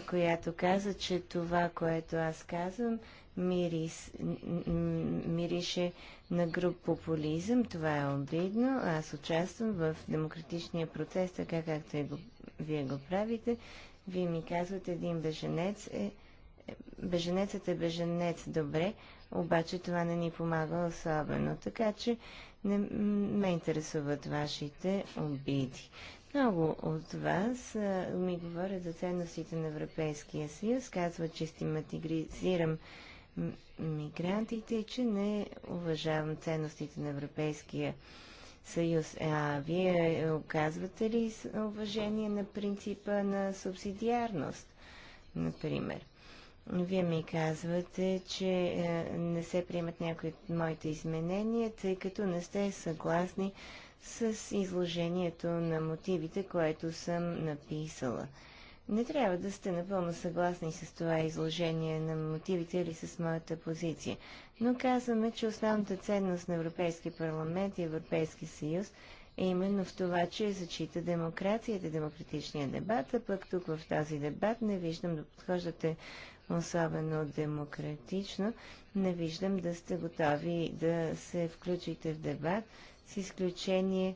която каза, че това, което аз казвам, мирис, мирише на груп популизъм. Това е обидно. Аз участвам в демократичния процес, така както и го, вие го правите. Вие ми казвате, един беженец е... Беженецът е беженец, добре, обаче това не ни помага особено. Така че не ме интересуват вашите обиди. Много от вас а, ми говорят за ценностите на Европейския съюз, казват, че стиматизирам мигрантите и че не уважавам ценностите на Европейския съюз съюз. А вие е, оказвате ли уважение на принципа на субсидиарност, например? Вие ми казвате, че е, не се приемат някои от моите изменения, тъй като не сте съгласни с изложението на мотивите, което съм написала. Не трябва да сте напълно съгласни с това изложение на мотивите или с моята позиция но казваме, че основната ценност на Европейския парламент и Европейски съюз е именно в това, че зачита демокрацията, демократичния дебат, а пък тук в този дебат не виждам да подхождате особено демократично, не виждам да сте готови да се включите в дебат, с изключение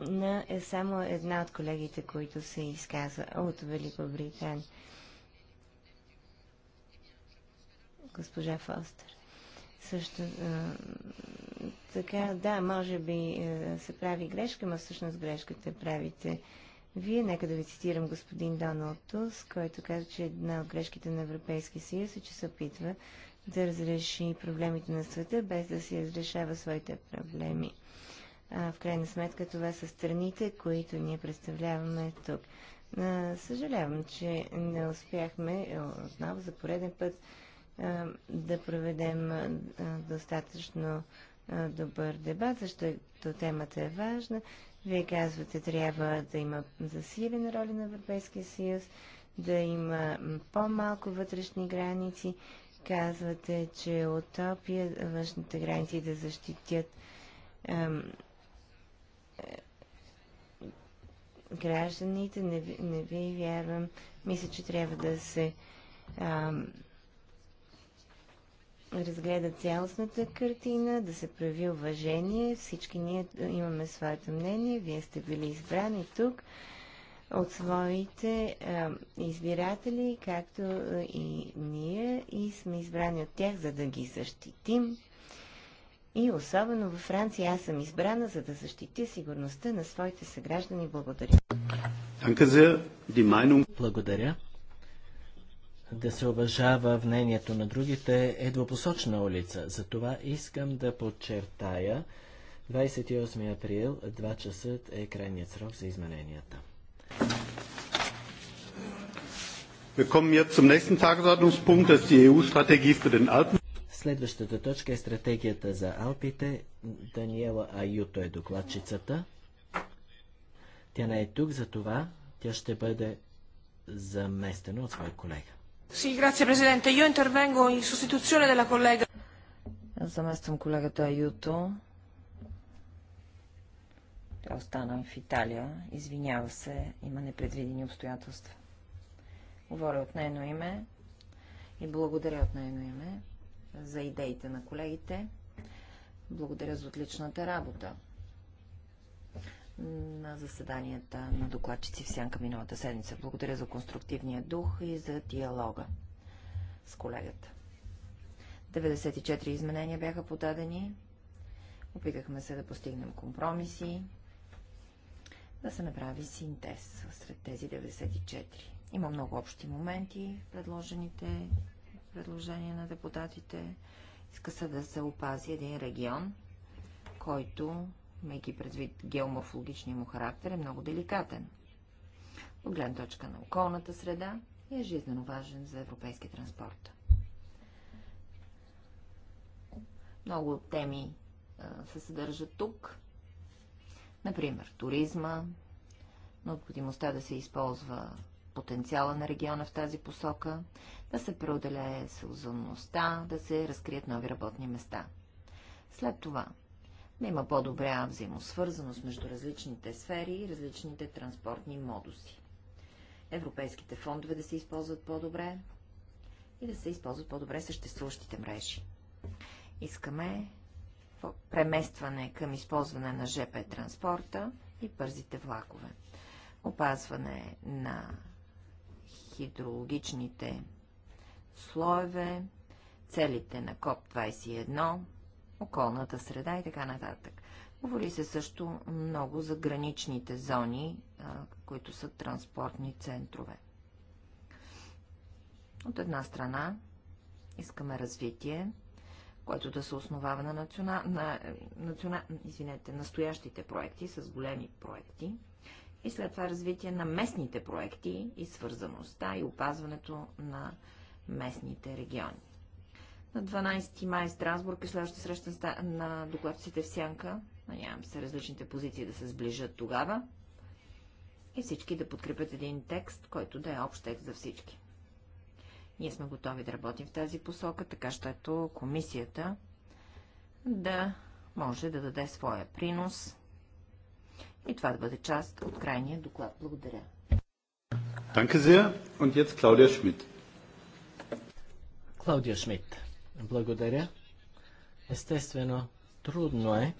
на е само една от колегите, които се изказва от Великобритания. госпожа Фостер. Също така, да, може би се прави грешка, но всъщност грешката правите вие. Нека да ви цитирам господин Доналд Тус, който каза, че една от грешките на Европейския съюз е, че се опитва да разреши проблемите на света, без да си разрешава своите проблеми. А, в крайна сметка това са страните, които ние представляваме тук. А, съжалявам, че не успяхме отново за пореден път е, да проведем е, достатъчно е, добър дебат, защото темата е важна. Вие казвате, трябва да има засилена роля на Европейския съюз, да има по-малко вътрешни граници. Казвате, че утопия външните граници да защитят ем, е, гражданите. Не, не ви вярвам. Мисля, че трябва да се ем, разгледа цялостната картина, да се прави уважение. Всички ние имаме своето мнение. Вие сте били избрани тук от своите а, избиратели, както и ние, и сме избрани от тях, за да ги защитим. И особено във Франция аз съм избрана, за да защитя сигурността на своите съграждани. Благодаря. Благодаря да се уважава в мнението на другите е двупосочна улица. Затова искам да подчертая, 28 април, 2 часа е крайният срок за измененията. E Следващата точка е стратегията за Алпите. Даниела Аюто е докладчицата. Тя не е тук, затова тя ще бъде заместена от свой колега. Sì, grazie Presidente. Io intervengo in sostituzione della collega. Замествам колегата Аюто. Тя остана в Италия. Извинява се, има непредвидени обстоятелства. Говоря от нейно име и благодаря от нейно име за идеите на колегите. Благодаря за отличната работа на заседанията на докладчици в Сянка миналата седмица. Благодаря за конструктивния дух и за диалога с колегата. 94 изменения бяха подадени. Опитахме се да постигнем компромиси, да се направи синтез сред тези 94. Има много общи моменти в предложените предложения на депутатите. Иска се да се опази един регион, който имайки предвид геоморфологичния му характер, е много деликатен. От гледна точка на околната среда и е жизненно важен за европейски транспорт. Много теми се съдържат тук. Например, туризма, необходимостта да се използва потенциала на региона в тази посока, да се преодолее сезонността, да се разкрият нови работни места. След това да има по-добра взаимосвързаност между различните сфери и различните транспортни модуси. Европейските фондове да се използват по-добре и да се използват по-добре съществуващите мрежи. Искаме преместване към използване на ЖП транспорта и бързите влакове. Опазване на хидрологичните слоеве, целите на КОП-21, околната среда и така нататък. Говори се също много за граничните зони, които са транспортни центрове. От една страна искаме развитие, което да се основава на, национа... на... Национа... Извинете, настоящите проекти с големи проекти и след това развитие на местните проекти и свързаността и опазването на местните региони. На 12 май Страсбург и е следващата среща на докладците в Сянка. Надявам се различните позиции да се сближат тогава. И всички да подкрепят един текст, който да е общ текст за всички. Ние сме готови да работим в тази посока, така щето комисията да може да даде своя принос и това да бъде част от крайния доклад. Благодаря. Danke sehr. Und jetzt Claudia Schmidt. Claudia Schmidt. Благодаря. Естествено, трудно е.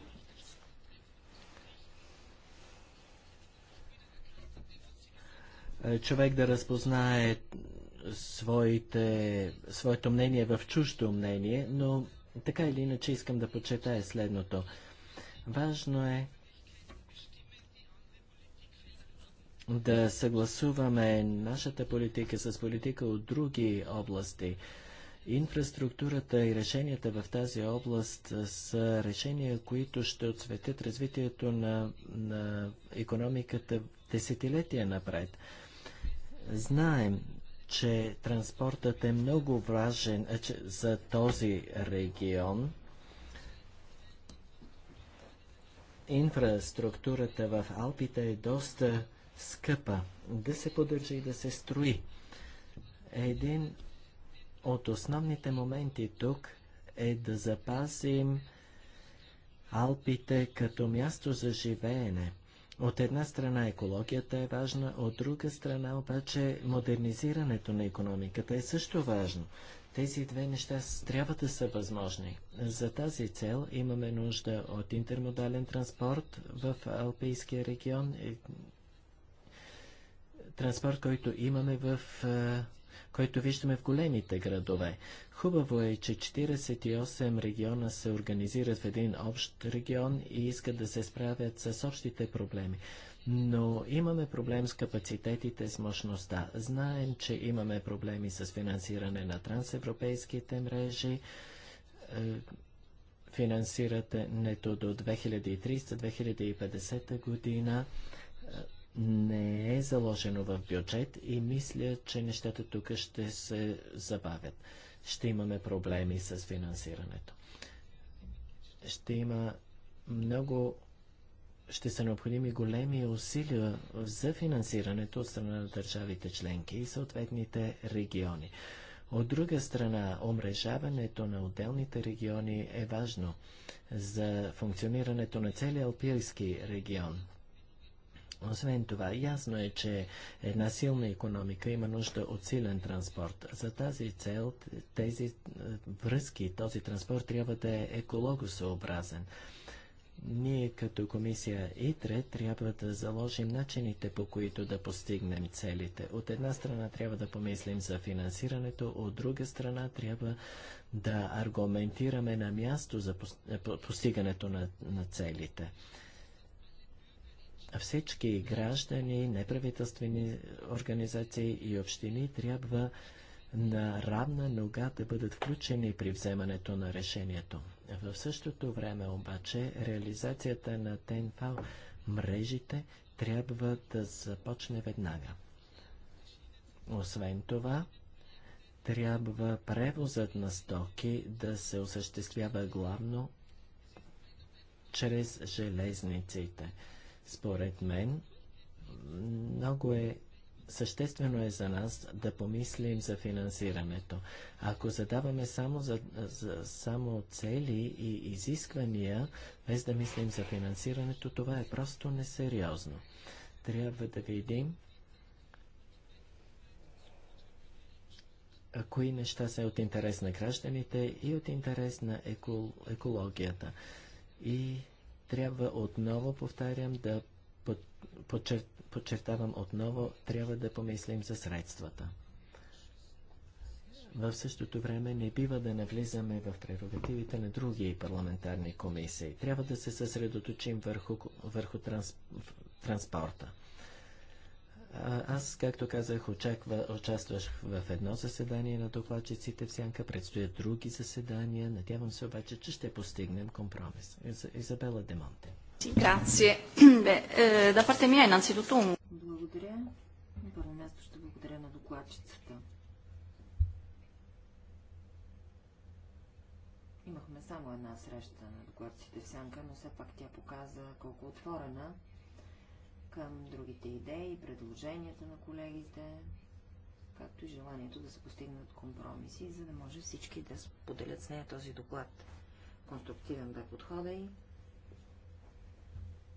човек да разпознае своите, своето мнение в чуждо мнение, но така или иначе искам да почетая следното. Важно е да съгласуваме нашата политика с политика от други области. Инфраструктурата и решенията в тази област са решения, които ще отсветят развитието на, на економиката десетилетия напред. Знаем, че транспортът е много важен за този регион. Инфраструктурата в Алпите е доста скъпа. Да се поддържа и да се строи. Един от основните моменти тук е да запазим Алпите като място за живеене. От една страна екологията е важна, от друга страна обаче модернизирането на економиката е също важно. Тези две неща трябва да са възможни. За тази цел имаме нужда от интермодален транспорт в Алпийския регион, е, транспорт, който имаме в е, който виждаме в големите градове. Хубаво е, че 48 региона се организират в един общ регион и искат да се справят с общите проблеми. Но имаме проблем с капацитетите, с мощността. Знаем, че имаме проблеми с финансиране на трансевропейските мрежи. Е, Финансирането до 2300-2050 година не е заложено в бюджет и мисля, че нещата тук ще се забавят. Ще имаме проблеми с финансирането. Ще има много ще са необходими големи усилия за финансирането от страна на държавите членки и съответните региони. От друга страна, омрежаването на отделните региони е важно за функционирането на целия Алпийски регион. Освен това, ясно е, че една силна економика има нужда от силен транспорт. За тази цел, тези е, връзки, този транспорт трябва да е екологосъобразен. Ние като комисия ИТРЕ трябва да заложим начините по които да постигнем целите. От една страна трябва да помислим за финансирането, от друга страна трябва да аргументираме на място за е, постигането на, на целите всички граждани, неправителствени организации и общини трябва на равна нога да бъдат включени при вземането на решението. В същото време обаче реализацията на ТНФАО мрежите трябва да започне веднага. Освен това, трябва превозът на стоки да се осъществява главно чрез железниците. Според мен, много е съществено е за нас да помислим за финансирането. Ако задаваме само, за, за, само цели и изисквания, без да мислим за финансирането, това е просто несериозно. Трябва да видим кои неща са от интерес на гражданите и от интерес на еко, екологията. И трябва отново, повтарям, да подчер, подчертавам отново, трябва да помислим за средствата. В същото време не бива да навлизаме в прерогативите на други парламентарни комисии. Трябва да се съсредоточим върху, върху транс, транспорта. Аз, както казах, очаква, участвах в едно заседание на докладчиците в Сянка, предстоят други заседания. Надявам се обаче, че ще постигнем компромис. Изабела Демонте. Eh, благодаря. На първо място ще благодаря на докладчицата. Имахме само една среща на докладците в Сянка, но все пак тя показа колко отворена към другите идеи, предложенията на колегите, както и желанието да се постигнат компромиси, за да може всички да споделят с нея този доклад. Конструктивен бе подхода и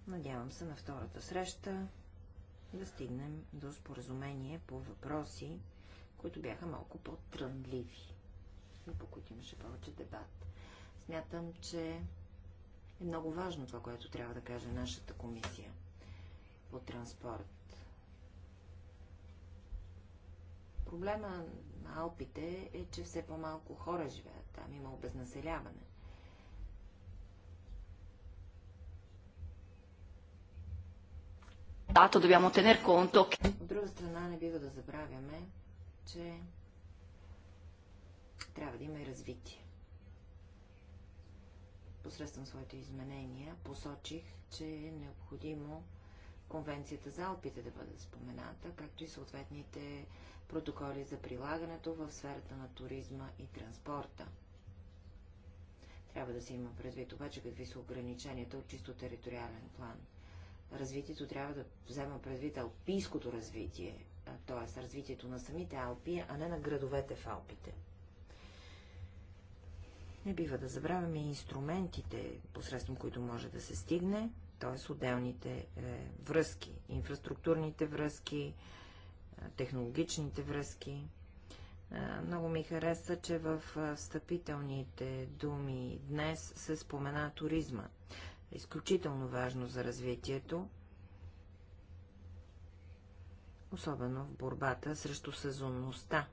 надявам се на втората среща да стигнем до споразумение по въпроси, които бяха малко по-трънливи и по които имаше повече дебат. Смятам, че е много важно това, което трябва да каже нашата комисия по транспорт. Проблема на Алпите е, че все по-малко хора живеят там. Има обезнаселяване. От друга страна не бива да забравяме, че трябва да има и развитие. Посредством своите изменения посочих, че е необходимо Конвенцията за Алпите да бъде спомената, както и съответните протоколи за прилагането в сферата на туризма и транспорта. Трябва да се има предвид обаче какви са ограниченията от чисто териториален план. Развитието трябва да взема предвид алпийското развитие, т.е. развитието на самите Алпи, а не на градовете в Алпите. Не бива да забравяме и инструментите, посредством които може да се стигне т.е. отделните е, връзки, инфраструктурните връзки, е, технологичните връзки. Е, много ми хареса, че в е, встъпителните думи днес се спомена туризма. Изключително важно за развитието, особено в борбата срещу сезонността,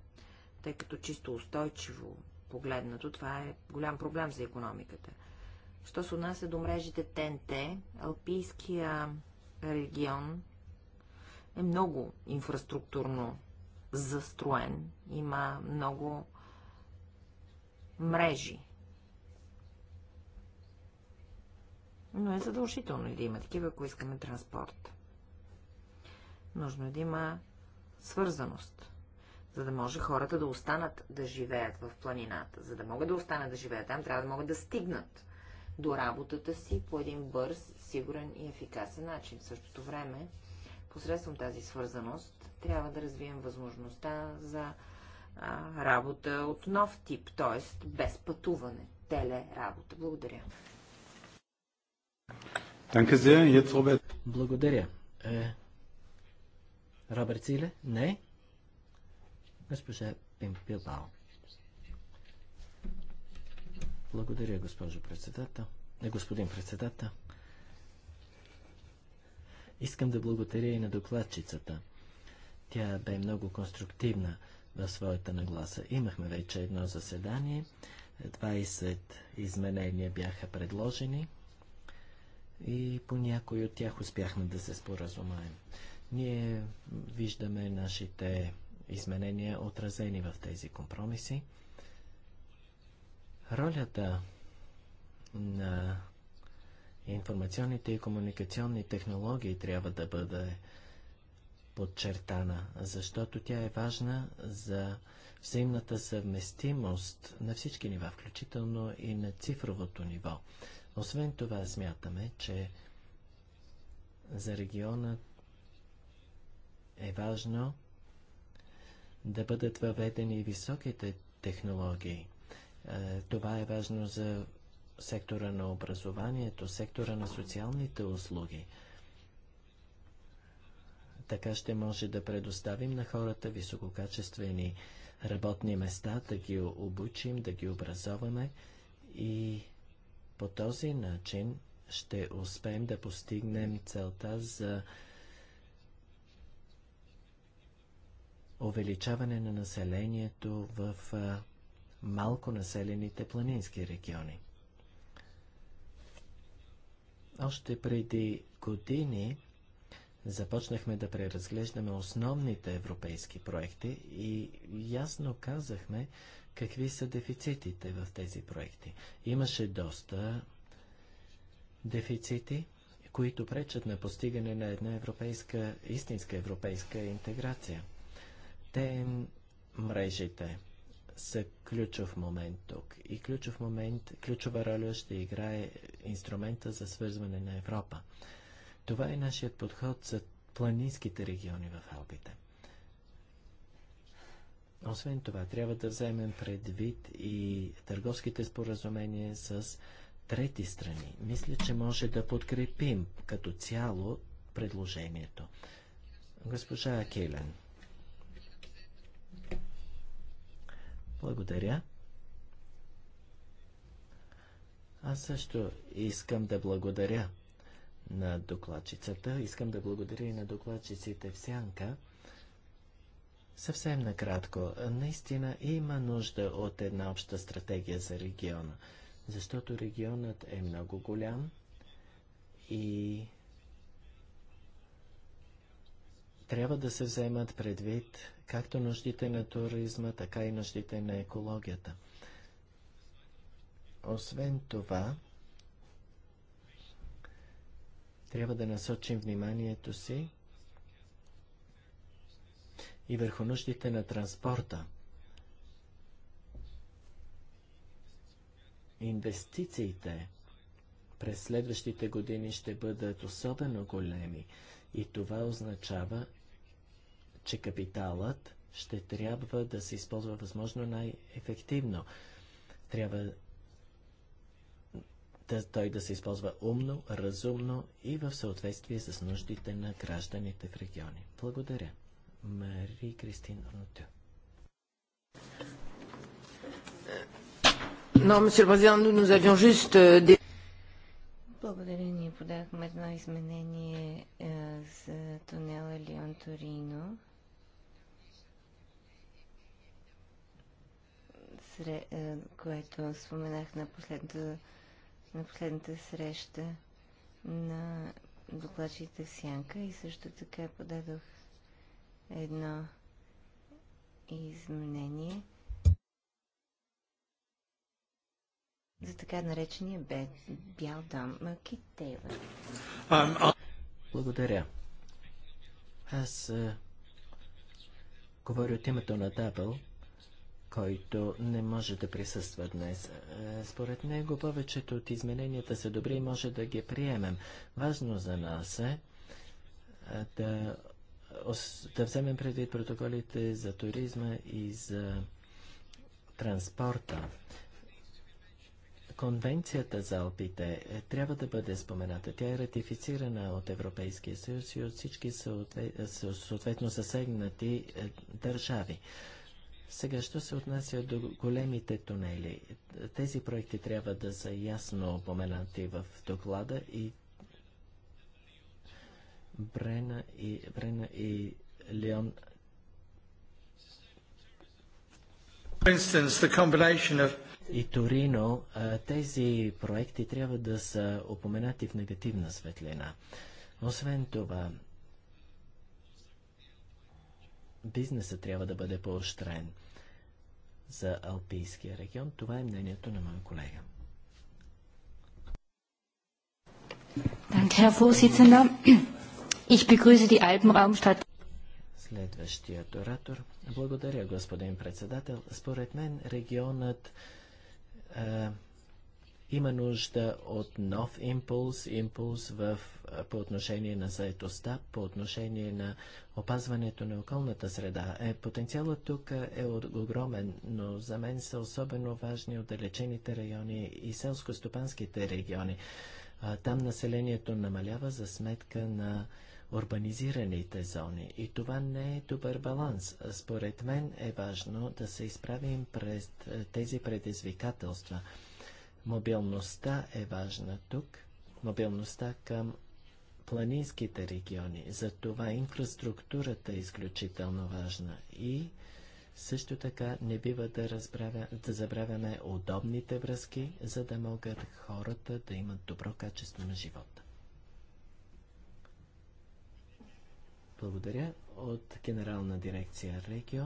тъй като чисто устойчиво погледнато това е голям проблем за економиката – Що се отнася до мрежите ТНТ, Алпийския регион е много инфраструктурно застроен. Има много мрежи. Но е задължително и да има такива, ако искаме транспорт. Нужно е да има свързаност, за да може хората да останат да живеят в планината. За да могат да останат да живеят там, трябва да могат да стигнат до работата си по един бърз, сигурен и ефикасен начин. В същото време, посредством тази свързаност, трябва да развием възможността за а, работа от нов тип, т.е. без пътуване, телеработа. Благодаря. Благодаря. Е, Роберт Силе? Не. Госпожа Пимпилбао. Благодаря, госпожо председател. Не, господин председател. Искам да благодаря и на докладчицата. Тя бе много конструктивна в своята нагласа. Имахме вече едно заседание. 20 изменения бяха предложени и по някои от тях успяхме да се споразумаем. Ние виждаме нашите изменения отразени в тези компромиси. Ролята на информационните и комуникационни технологии трябва да бъде подчертана, защото тя е важна за взаимната съвместимост на всички нива, включително и на цифровото ниво. Освен това, смятаме, че за региона е важно да бъдат въведени и високите технологии – е, това е важно за сектора на образованието, сектора на социалните услуги. Така ще може да предоставим на хората висококачествени работни места, да ги обучим, да ги образоваме и по този начин ще успеем да постигнем целта за увеличаване на населението в малко населените планински региони. Още преди години започнахме да преразглеждаме основните европейски проекти и ясно казахме какви са дефицитите в тези проекти. Имаше доста дефицити, които пречат на постигане на една европейска, истинска европейска интеграция. Те мрежите са ключов момент тук. И ключов момент, ключова роля ще играе инструмента за свързване на Европа. Това е нашият подход за планинските региони в Алпите. Освен това, трябва да вземем предвид и търговските споразумения с трети страни. Мисля, че може да подкрепим като цяло предложението. Госпожа Келен. Благодаря. Аз също искам да благодаря на докладчицата. Искам да благодаря и на докладчиците в Сянка. Съвсем накратко, наистина има нужда от една обща стратегия за региона, защото регионът е много голям и трябва да се вземат предвид както нуждите на туризма, така и нуждите на екологията. Освен това, трябва да насочим вниманието си и върху нуждите на транспорта. Инвестициите през следващите години ще бъдат особено големи и това означава, че капиталът ще трябва да се използва възможно най-ефективно. Трябва да, той да се използва умно, разумно и в съответствие с нуждите на гражданите в региони. Благодаря. Мари Кристин Рутю. Euh, Благодаря, ние подахме едно изменение е, за тунела Лион Торино. Е, което споменах на последната, на последната среща на докладчите в Сянка и също така подадох едно изменение за така наречения бе, бял дом. Кит Тейлър. Благодаря. Аз а, говоря от името на Дабъл който не може да присъства днес. Е, според него повечето от измененията са добри и може да ги приемем. Важно за нас е, е да, да вземем предвид протоколите за туризма и за транспорта. Конвенцията за Алпите е, трябва да бъде спомената. Тя е ратифицирана от Европейския съюз и от всички съответно засегнати е, държави. Сега, що се отнася до големите тунели, тези проекти трябва да са ясно упоменати в доклада и Брена и, Брена и Леон и Торино, тези проекти трябва да са упоменати в негативна светлина. Освен това, бизнесът трябва да бъде поощрен за Алпийския регион. Това е мнението на моя колега. Следващият оратор. Благодаря, господин председател. Според мен регионът е, има нужда от нов импулс, импулс в, по отношение на заетостта, по отношение на опазването на околната среда. Е, потенциалът тук е огромен, но за мен са особено важни отдалечените райони и селско-стопанските региони. там населението намалява за сметка на урбанизираните зони. И това не е добър баланс. Според мен е важно да се изправим през тези предизвикателства – Мобилността е важна тук. Мобилността към планинските региони. Затова инфраструктурата е изключително важна. И също така не бива да, разбравя, да забравяме удобните връзки, за да могат хората да имат добро качество на живота. Благодаря от Генерална дирекция Регио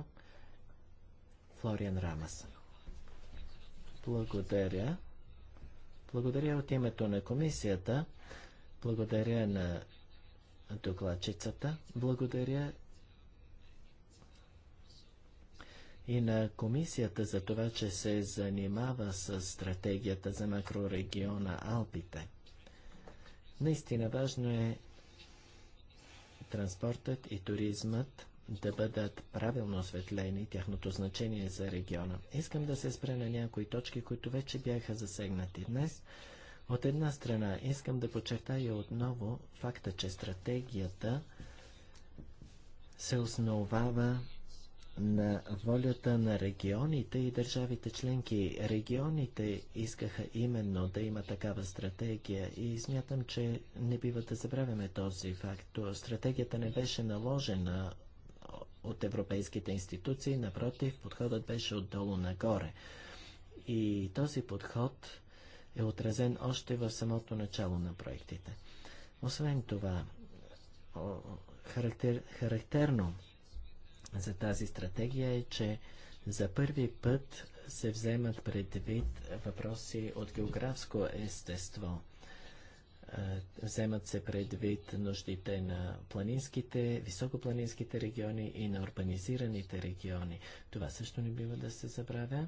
Флориан Рамас. Благодаря. Благодаря от името на комисията. Благодаря на докладчицата. Благодаря и на комисията за това, че се занимава с стратегията за макрорегиона Алпите. Наистина важно е транспортът и туризмът да бъдат правилно осветлени тяхното значение за региона. Искам да се спре на някои точки, които вече бяха засегнати днес. От една страна, искам да подчертая отново факта, че стратегията се основава на волята на регионите и държавите членки. Регионите искаха именно да има такава стратегия и смятам, че не бива да забравяме този факт. Стратегията не беше наложена от европейските институции. Напротив, подходът беше отдолу нагоре. И този подход е отразен още в самото начало на проектите. Освен това, характер, характерно за тази стратегия е, че за първи път се вземат предвид въпроси от географско естество – Вземат се предвид нуждите на планинските, високопланинските региони и на урбанизираните региони. Това също не бива да се забравя.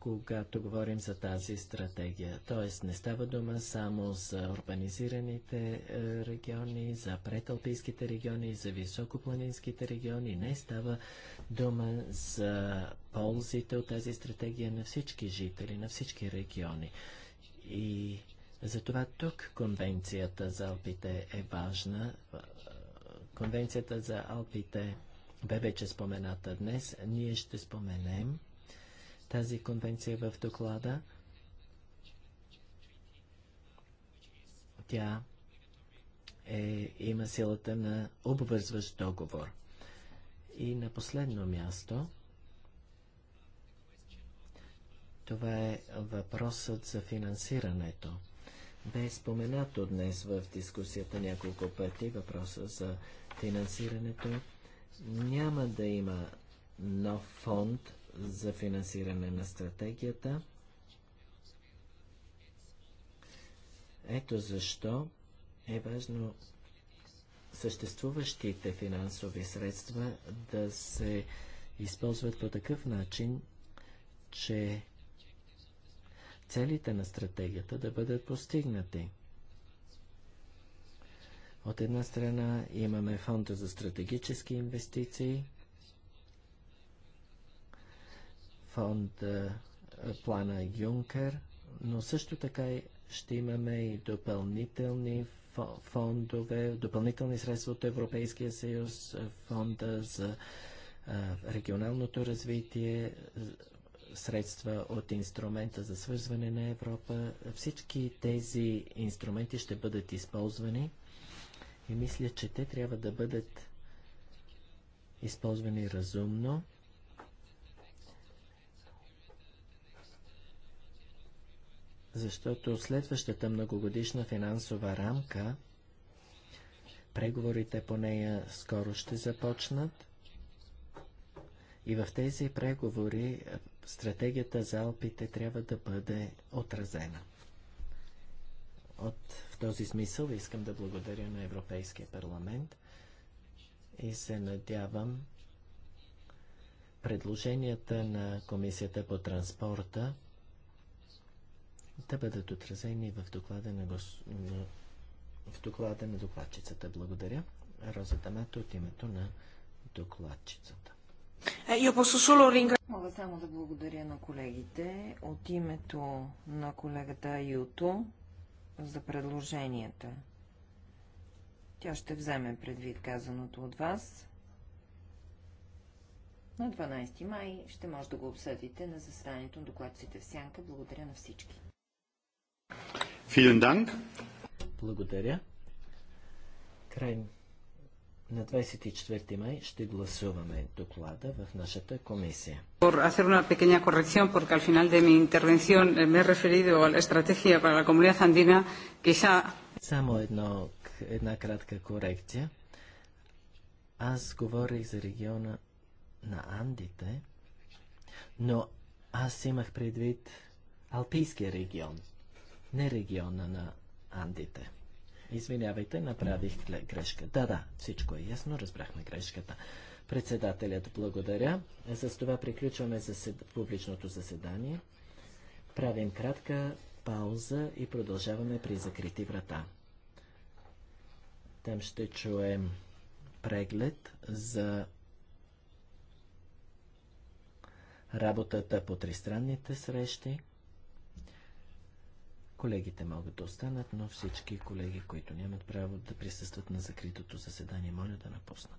когато говорим за тази стратегия. Тоест не става дума само за урбанизираните е, региони, за преталпийските региони, за високопланинските региони. Не става дума за ползите от тази стратегия на всички жители, на всички региони. И затова тук конвенцията за Алпите е важна. Конвенцията за Алпите бе вече спомената днес. Ние ще споменем тази конвенция в доклада. Тя е, има силата на обвързващ договор. И на последно място, това е въпросът за финансирането. Бе е споменато днес в дискусията няколко пъти въпроса за финансирането. Няма да има нов фонд за финансиране на стратегията. Ето защо е важно съществуващите финансови средства да се използват по такъв начин, че целите на стратегията да бъдат постигнати. От една страна имаме фонда за стратегически инвестиции – фонд плана Юнкер, но също така ще имаме и допълнителни фондове, допълнителни средства от Европейския съюз, фонда за регионалното развитие, средства от инструмента за свързване на Европа. Всички тези инструменти ще бъдат използвани и мисля, че те трябва да бъдат използвани разумно. защото следващата многогодишна финансова рамка, преговорите по нея скоро ще започнат и в тези преговори е, стратегията за Алпите трябва да бъде отразена. От, в този смисъл искам да благодаря на Европейския парламент и се надявам предложенията на Комисията по транспорта да бъдат отразени в доклада на, гос... в доклада на докладчицата. Благодаря. Роза Дамато от името на докладчицата. Е, Мога само да благодаря на колегите от името на колегата Юто за предложенията. Тя ще вземе предвид казаното от вас. На 12 май ще може да го обсъдите на заседанието на докладците в Сянка. Благодаря на всички. Благодаря. Край на 24 май ще гласуваме доклада в нашата комисия. Por hacer una pequeña corrección, porque al final de mi intervención eh, me he referido a la estrategia para la comunidad andina, quizá... Само едно, една кратка корекция. Аз говорих за региона на Андите, но аз имах предвид Алпийския регион – не региона на Андите. Извинявайте, направих грешка. Да, да, всичко е ясно, разбрахме грешката. Председателят благодаря. С това приключваме засед... публичното заседание. Правим кратка пауза и продължаваме при закрити врата. Там ще чуем преглед за работата по тристранните срещи. Колегите могат да останат, но всички колеги, които нямат право да присъстват на закритото заседание, моля да напуснат.